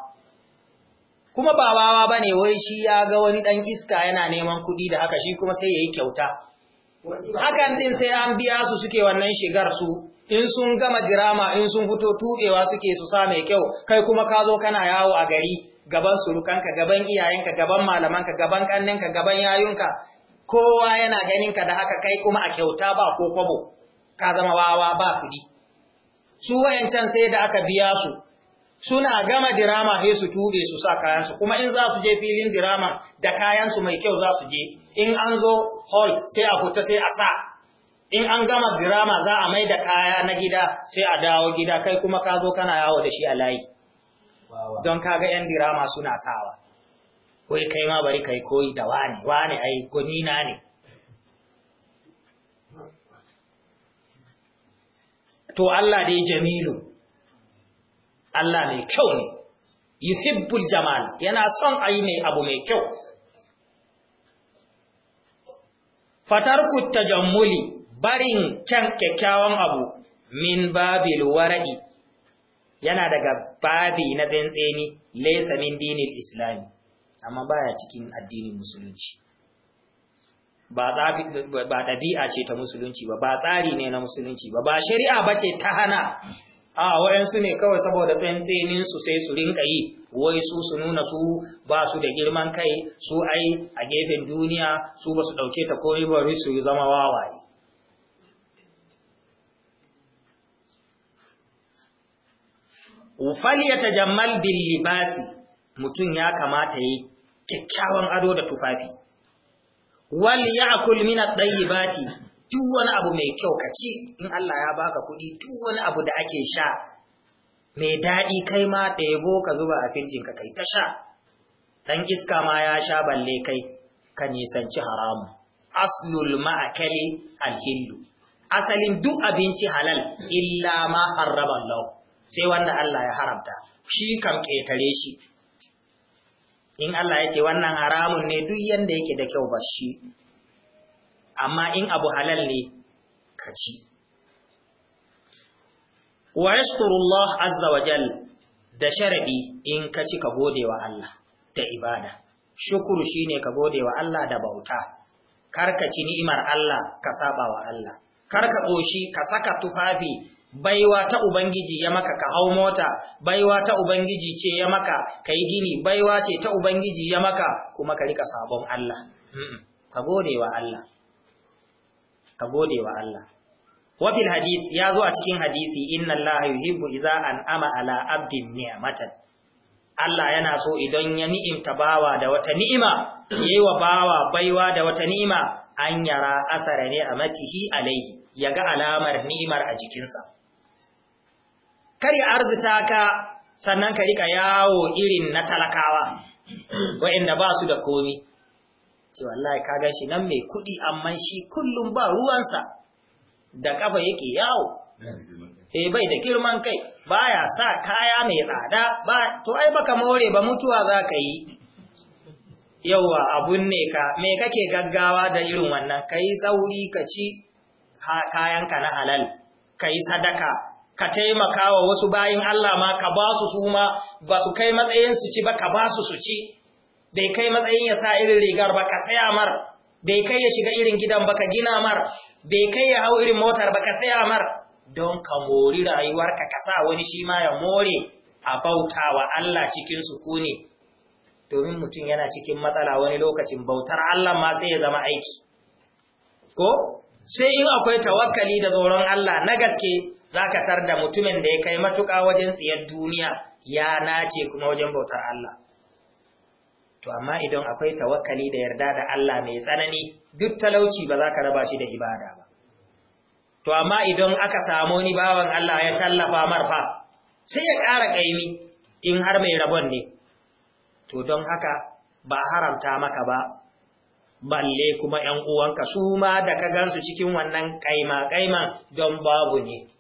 kuma ba wawa ba ne wai shi ya ga wani ɗan iska yana neman kuɗi da haka shi kuma sai yayi kyauta hakan ɗin sai an biya su suke wannan shigar su in sun gama dirama in sun fito tuɓewa suke su sa mai kyau kai kuma ka zo kana yawo a gari gaban surukanka gaban iyayenka gaban malamanka gaban ƙanninka gaban yayunka kowa yana ganinka da haka kai kuma a kyauta ba ko kwabo ka zama wawa ba kuɗi su wayancan sai da aka biya su suna gama dirama sai su tube su sa kayan su kuma in za su je filin dirama da kayan su mai kyau za su je in an zo hall sai a fita sai a sa in an gama dirama za a mai da kaya na gida sai a dawo gida kai kuma ka zo kana yawo da shi a layi don kaga yan dirama suna sawa kai kai ma bari kai koyi da wani wani ai gonina ne to Allah dai Jamilu, Allah mai kyau ne yuhibbul jamal yana son ayi mai abu mai kyau fatarku tajammuli barin kyan kyakkyawan abu min babil wara'i yana daga babi na tsentseni laysa min dinil islami amma baya cikin addinin musulunci ba ɗabi'a ce ta musulunci ba ba tsari ne na musulunci ba ba shari'a ba ce ta hana a wayansu ne kawai saboda tsantseninsu sai su rinka yi wai su su nuna su ba su da girman kai su ai a gefen duniya su ba su ɗauke ta komai ba su zama wawaye falyata jammal bil libasi mutum ya kamata yi kyakkyawan ado da tufafi wal ya'kul min at-tayyibati duk wani abu mai kyau ka ci in Allah ya baka kuɗi duk wani abu da ake sha mai daɗi kai ma da yabo ka zuba a ka kai ta sha dan iska ma ya sha balle kai ka nisanci haramu aslul ma'akali alhillu asalin duk abinci halal illa ma harrama Allah sai wanda Allah ya haramta shi kan ƙetare shi in Allah ya ce wannan haramun ne duk yanda yake da kyau ba shi amma in abu halal ne ka ci wa yashkurullah azza wa jal da sharadi in ka ci ka gode wa Allah da ibada shukuru shine ka gode wa Allah da bauta Kar ka ci ni'imar Allah ka saba wa Allah Kar ka ɓoshi ka saka tufafi baiwa ta Ubangiji ya maka ka hau mota, baiwa ta Ubangiji ce ya maka ka yi gini, baiwa ce ta Ubangiji ya maka kuma ka rika sabon Allah. Ka gode wa Allah. Ka gode wa Allah. Wafil hadis ya zo a cikin hadisi inna Allah yuhibbu idza ama ala abdin ni'matan. Allah yana so idan ya ni'imta bawa da wata ni'ima, Yai wa bawa baiwa da wata ni'ima, an yara asara ne a matihi alaihi, yaga alamar ni'imar a jikinsa. Karya arzita ka sannan ka rika yawo irin na talakawa wa'inda ba su da komi ce wallahi ka gan shi nan mai kuɗi amma shi kullum ba ruwansa da kafa yake yawo eh bai da girman kai baya sa kaya mai tsada ba to ai baka more ba mutuwa za ka yi wa abun ne ka me kake gaggawa da irin wannan Ka yi sauri ka ci kayanka na halal Ka yi sadaka ka taimaka wa wasu bayin Allah ma ka ba su su ba su kai matsayin su ci ba ka ba su su ci bai kai matsayin ya sa irin rigar ba ka tsaya mar bai kai ya shiga irin gidan ba ka gina mar bai kai ya hau irin motar ba ka tsaya mar don ka mori rayuwar ka sa wani shi ma ya more a bautawa Allah cikin sukuni domin mutum yana cikin matsala wani lokacin bautar Allah ma sai ya zama aiki ko sai in akwai tawakkali da tsoron Allah na gaske za ka tar da mutumin da ya kai matuƙa wajen tsiyar duniya ya nace kuma wajen bautar Allah. To, amma idan akwai tawakkali da yarda da Allah mai tsanani, duk talauci ba za ka raba shi da ibada ba. To, amma idan aka samu ni bawan Allah ya tallafa marfa, sai ya ƙara ƙaimi in har mai rabon ne. To, don haka ba haramta maka ba, balle kuma ‘yan uwanka su ma da ka gansu cikin wannan ƙaima-ƙaiman don babu ne.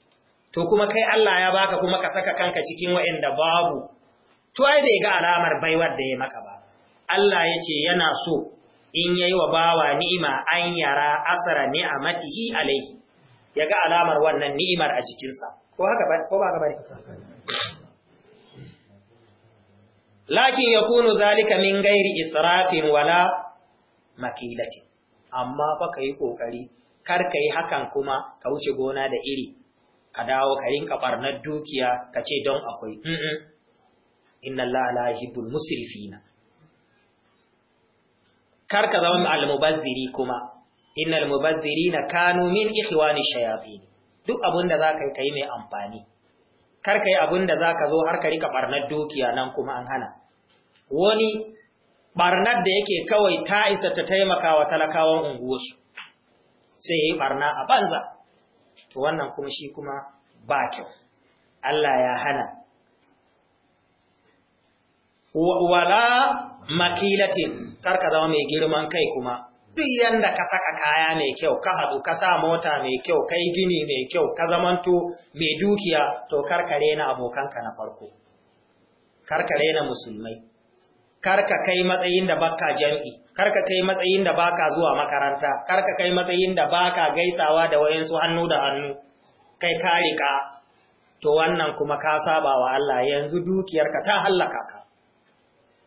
to kuma kai Allah ya baka kuma ka saka kanka cikin wa'inda babu to ai bai ga alamar baiwar da ya maka ba Allah ya ce yana so in yayi wa bawa ni'ima an yara asara ni'amatihi alaihi ya ga alamar wannan ni'imar a jikinsa ko haka ba ko ba haka bane lakin yakunu zalika min ghairi israfin wala makilati amma fa kai kokari kar kai hakan kuma ka wuce gona da iri ka dawo ka rinka barnar dukiya ka ce don akwai inna Allah la yuhibbul musrifina kar ka zama al-mubazziri kuma innal mubazzirina kanu min ikhwani shayatin duk abinda zaka kai mai amfani kar kai da zaka zo har ka rika barnar dukiya nan kuma an hana wani barnar da yake kawai ta isa ta taimakawa talakawan unguwarsu sai yi barna a banza to wannan kuma shi kuma ba kyau Allah ya hana wala makilatin karka zama mai girman kai kuma duk yanda ka saka kaya mai kyau ka haɗu ka sa mota mai kyau kai gini mai kyau ka zamanto mai dukiya to karkare rena abokanka na farko karka rena musulmai karka kai matsayin da baka jam'i karka kai matsayin da baka zuwa makaranta karka kai matsayin da baka gaisawa da su hannu da hannu kai ka to wannan kuma ka saba wa Allah yanzu dukiyarka ta hallaka ka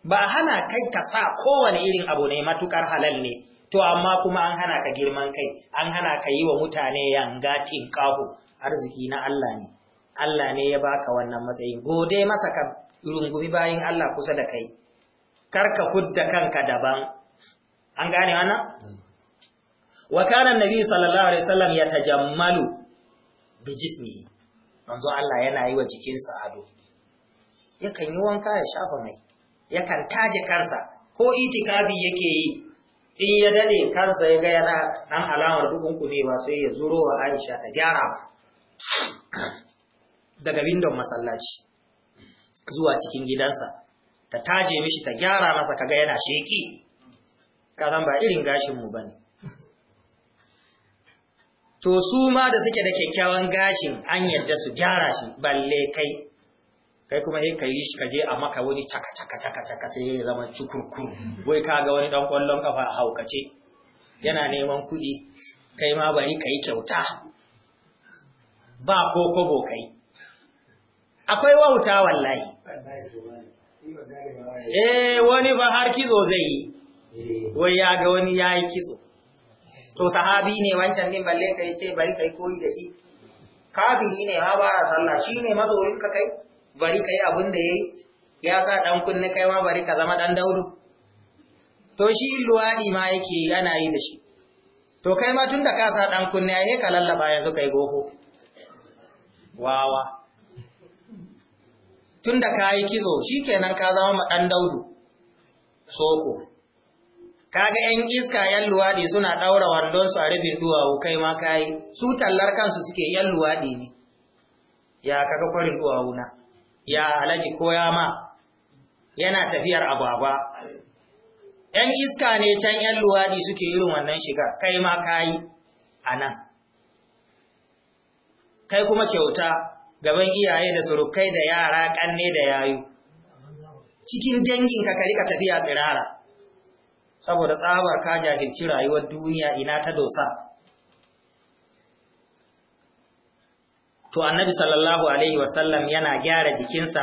ba hana kai ka sa kowane irin abu ne matukar halal ne to amma kuma an hana ka girman kai an hana ka yi wa mutane yanga tin tinkahu arziki na Allah ne Allah ne ya baka wannan matsayin gode masa ka rungumi bayin Allah kusa da kai karka kudda kanka daban an gane wannan wa kana nabi sallallahu alaihi wasallam tajammalu. bi jismi manzo Allah yana yi wa jikinsa ado yakan yi wanka ya shafa mai yakan taje kansa ko itikafi yake yi in ya dade kansa ya ga yana dan alamar dukunku ne ba sai ya zuro wa Aisha ta gyara daga windon masallaci zuwa cikin gidansa ta taje mishi ta gyara masa kaga yana sheki kazan ba irin gashin mu bane to su ma da suke da kyakkyawan gashin an yarda su gyara shi balle kai kai kuma sai kai shi kaje a maka wani taka taka taka taka sai ya zama cukurkur wai kaga wani dan kwallon kafa a haukace yana neman kuɗi kai ma bari kai kyauta ba ko kobo kai akwai wauta wallahi Eh wani ba har kizo zai yi, wai ya ga wani ya yi kizo. To sahabi ne wancan din balle ka ce bari kai koyi da shi. Kafiri ne ha ba sallah shi ne mazorin ka kai bari kai abin da ya ya sa ɗan kunne kai ma bari ka zama ɗan daudu. To shi luwaɗi ma yake yana yi da shi. To kai ma tun da ka sa ɗan kunne yi ka lallaba yanzu kai goho. Wawa. tun da ka yi kitso shi kenan ka zama maɗan daudu soko Ka ga ‘yan iska ‘yan luwaɗi suna ɗaura wandonsu a rufin duwawu kai ma kayi su tallar kansu suke ‘yan luwaɗi ne ya kaga kwarin duwawu na ya alaji ko ya ma yana tafiyar ababa ‘yan iska ne can ‘yan luwaɗi suke irin wannan shiga kai ma kayi a nan kai kuma kyauta gaban iyaye da surukai da yara ƙanne da yayu cikin dangin ka rika tafiya tsirara saboda tsabar ka jahilci rayuwar duniya ina ta dosa to annabi sallallahu alaihi wasallam yana gyara jikinsa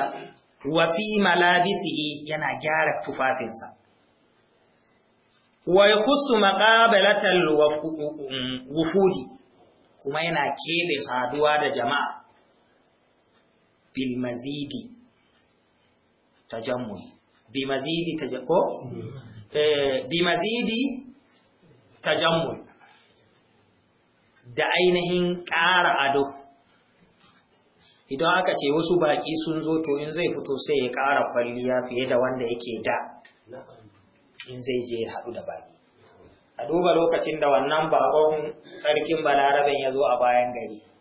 wa fi malabisihi yana gyara tufafinsa wa yakhussu maqabalatal wufudi kuma yana kebe haduwa da jama'a bilmazidi mazidi bimazidi eh bimazidi da ainihin ƙara ado idan aka ce wasu baƙi sun zo to in zai fito sai ya ƙara kwalliya fiye da wanda yake da in zai je ya haɗu da baƙi a duba lokacin da wannan baƙon sarkin balaraben ya zo a bayan gari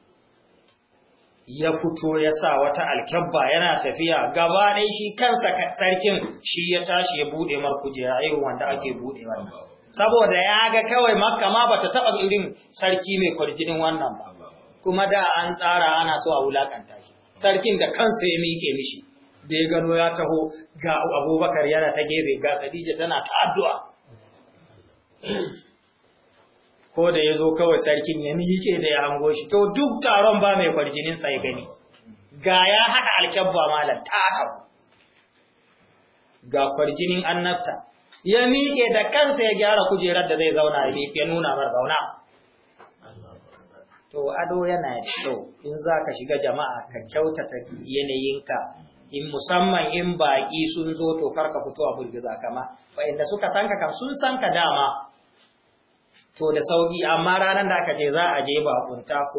ya fito ya sa wata alkyabba yana tafiya gaba ɗai shi kansa sarkin shi ya tashi ya buɗe a irin wanda ake buɗe wannan saboda ya ga kawai makka ma bata taba irin sarki mai kwarjinin wannan ba kuma da an tsara ana so a wulakanta shi sarkin da kansa ya mike mishi da ya gano ya taho ga abubakar yana ta gefe ga khadija tana ta addu'a ko da ya zo kawai sarkin ya miƙe da ya hango shi to duk taron ba mai kwarjinin sai gani ga ya haɗa alkyabba malam ta hau ga kwarjinin annabta ya miƙe da kansa ya gyara kujerar da zai zauna ya nuna mar zauna to ado yana kyau in za ka shiga jama'a ka kyautata yanayinka in musamman in baƙi sun zo to karka fito a burgiza kama inda suka sanka kam sun sanka dama to da sauki amma ranar da aka ce za a je kunta ko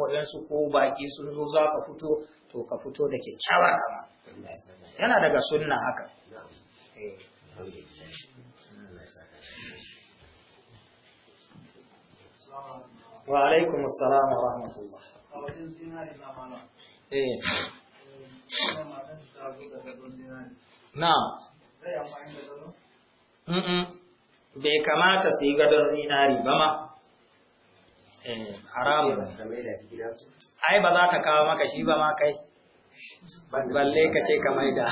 waɗansu, ko baki sun zo za ka fito to ka fito da kyakkyawar kama yana daga sunna haka wa alaikum assalam wa rahmatullah eh. Na. bai kamata su yi gadon zinari ba ma eh, haramun ai ba za ta kawo maka shi ba ma kai balle ka ce ka maida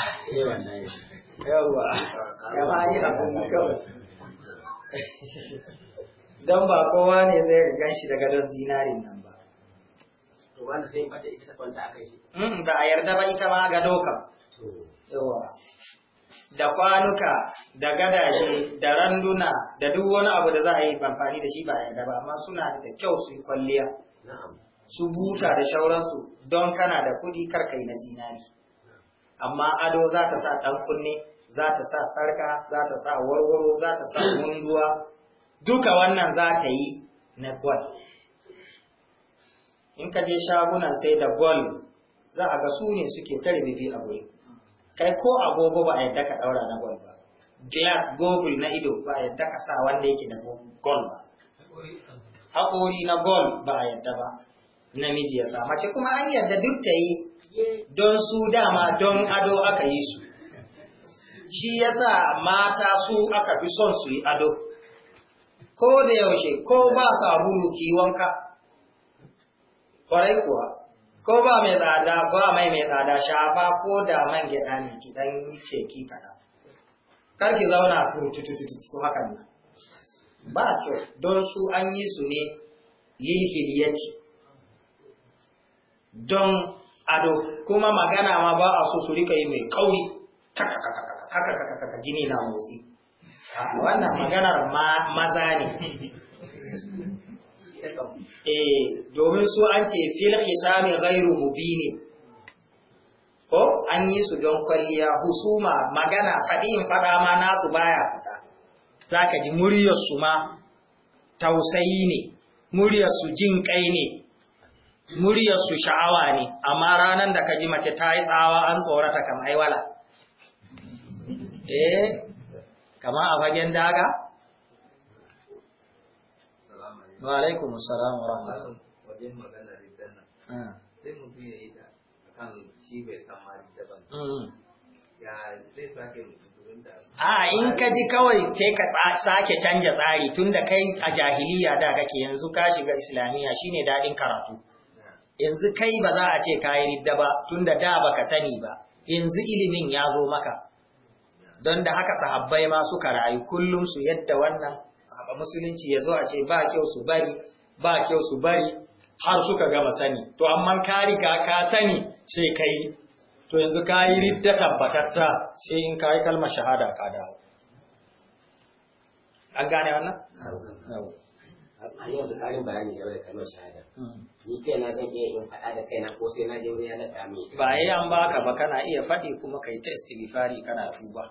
yawa ya ma yi abin kawai don ba kowa ne zai gan shi da gadon zinarin nan ba wanda zai mata ita kwanta a hmm, ba a yarda ba ita ma gado kam yawa da kwanuka da gadaje da randuna da duk wani abu da za a yi amfani da shi ba yarda ba amma suna da kyau su yi kwalliya su buta da shauransu don kana da kudi karkai na zinari amma ado za ta sa ɗan kunne za ta sa sarka za ta sa warwaro za ta sa munduwa duka wannan za ta yi na gwal in ka je shagunan sai da gwal za a ga su ne suke tare bibi a guri kai ko agogo ba a yadda ka daura na gol ba glass goggle na ido ba a yadda ka sa wanda yake da gol ba haƙori na gol ba a yadda ba namiji ya sa mace kuma an yadda duk ta yi don su dama don ado aka yi su shi ya sa mata su aka fi son su yi ado ko da yaushe ko ba sabulu ki wanka kwarai kuwa ko ba mai tsada ba mai mai tsada shafa ko da man gyaɗa ne ki dan ki kaɗan kar ki zauna tututututu haka ne ba kyau don su an yi su ne lilhiliyati don ado kuma magana ma ba a so su rika yi mai kauri kaka gini na motsi wannan maganar maza ne Eh, domin su an ce fil hisami ghairu ne. ko an yi su don kwalliya husuma magana faɗin faɗa ma nasu baya fita zaka ji muryar su ma tausayi ne muryar su jin kai ne muryar su sha'awa ne amma ranar da ka kaji mace ta yi tsawa an tsorata kamar wala eh Kamar a fagen daga wa alaikum assalam wa rahmatullahi magana nan ah. sai mutum ya yi kan shi bai san ma ridda ba mm. ya zai sake a ah, in ka ji kawai sai ka sake canja tsari tunda kai a jahiliya da kake yanzu ka shiga islamiyya shine dadin karatu ah. yanzu kai ba za a ce ka yi ridda ba tunda da baka sani ba yanzu ilimin ya zo maka don da haka sahabbai ma suka rayu kullum su yadda wannan ba musulunci ya zo a ce ba kyau su bari ba kyau su bari har suka gama sani to amma ka riga ka sani sai kai to yanzu ka yi ridda tabbatatta sai in ka yi kalmar shahada ka dawo an gane wannan? a yau da ƙarin bayani game da kalmar shahada hmm. ni kai na zan iya yin faɗa da kaina ko sai na je wuri ya naɗa ba yi an baka ba kana iya faɗi kuma kai ta istighfari kana tuba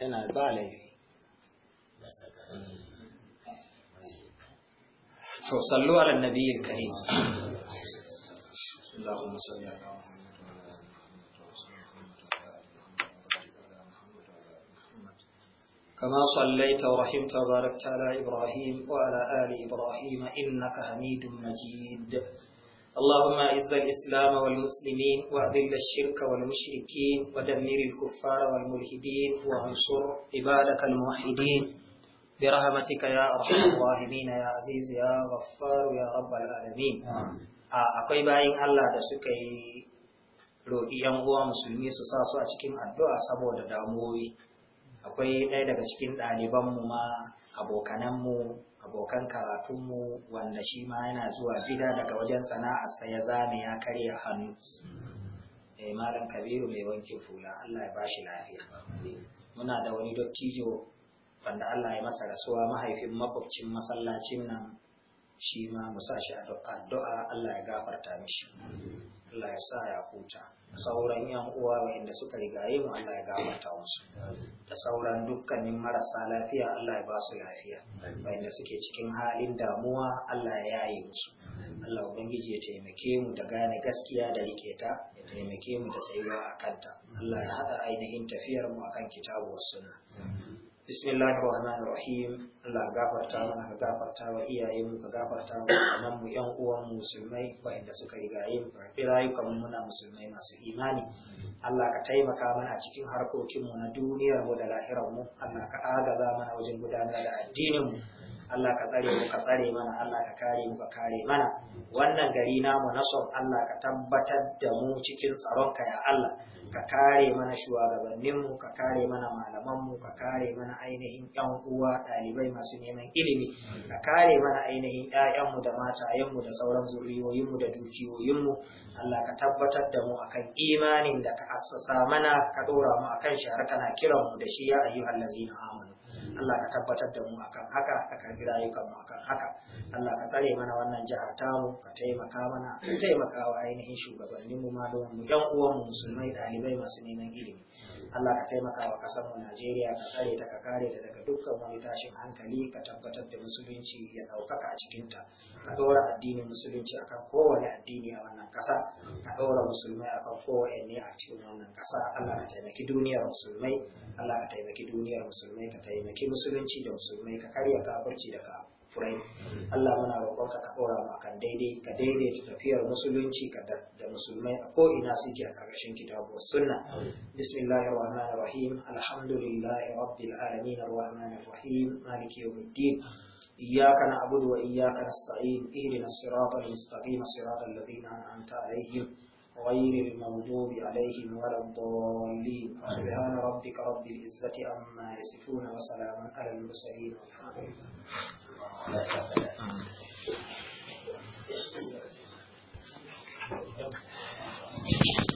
yana ba to sallu ala nabiyyi karim Allahumma salli ala كما صليت ورحمت وباركت على إبراهيم وعلى آل إبراهيم إنك حميد مجيد اللهم اعز الاسلام والمسلمين واذل الشرك والمشركين ودمر الكفار والملحدين وانصر عبادك الموحدين برحمتك يا ارحم الراحمين يا عزيز يا غفار يا رب العالمين اكوي باين الله da suka yi roƙi ‘yan uwa musulmi su sa su a cikin addu'a saboda damuwoyi akwai ɗaya daga cikin mu ma abokanan mu abokan karatunmu wanda shi ma yana zuwa gida daga wajen sana'arsa ya zame ya karya hannu eh malam kabiru mai wanke fula Allah ya bashi lafiya muna da wani dottijo wanda Allah ya masa rasuwa mahaifin makwabcin masallacin nan shi ma mu sa shi addu'a Allah ya gafarta mishi Allah ya sa ya huta sauran yan uwa waɗanda suka rigaye mu Allah ya gafarta musu da sauran dukkanin marasa lafiya Allah ya ba su lafiya wanda suke cikin halin damuwa Allah ya yaye musu Allah ubangiji ya taimake mu da gane gaskiya da rike ta ya taimake mu da tsayuwa a kanta Allah ya hada ainihin tafiyar mu akan kitabu was bismillahir rahman rahim Allah gafarta mana ka gafarta wa iyayenmu ka gafarta wa kanan mu yan uwan musulmai waɗanda suka yi mu ka fi mu muna musulmai masu imani Allah ka taimaka mana a cikin harkokin mu na duniyar mu da lahirar mu Allah ka agaza mana wajen gudanar da addinin mu Allah ka tsare mu ka tsare mana Allah ka kare mu ka kare mana wannan gari namu na son Allah ka tabbatar da mu cikin tsaron ka ya Allah ka kare mana shugabanninmu ka kare mana malamanmu ka kare mana ainihin yan uwa ɗalibai masu neman ilimi ka kare mana ainihin ƴaƴanmu da matayenmu da sauran zuriyoyinmu da dukiyoyinmu Allah ka tabbatar da mu akan imanin da ka assasa mana ka ɗora mu akan shi har kana kiran mu da shi ya ayyuhallazina amanu Allah ka tabbatar da mu akan haka ka karbi rayukan mu akan haka Allah ka tsare mana wannan jihar tamu ka taimaka mana ka taimaka wa ainihin shugabannin mu malaman mu yan uwan mu musulmai ɗalibai masu neman ilimi Allah ka taimaka wa kasar mu Najeriya ka tsare ta ka kare ta daga dukkan wani tashin hankali ka tabbatar da musulunci ya ɗaukaka a cikin ta ka ɗora addinin musulunci akan kowane addini a wannan ƙasa ka ɗora musulmai akan kowane a cikin wannan ƙasa Allah ka taimaki duniyar musulmai Allah ka taimaki duniyar musulmai ka taimaki musulunci da musulmai ka karya kafirci da kafirci Allah muna roƙonka ka ɗora mu akan daidai ka daidaita tafiyar musulunci ka da musulmai a ko ina suke a ƙarƙashin kitabu sunna bismillahir rahmanir rahim alhamdulillahi rabbil alamin arrahmanir rahim maliki yawmiddin إياك نعبد وإياك نستعين اهدنا الصراط المستقيم صراط الذين أنعمت عليهم غير المغضوب عليهم ولا الضالين سبحان ربك رب العزة عما يصفون وسلام على المرسلين والحمد لله Thank you.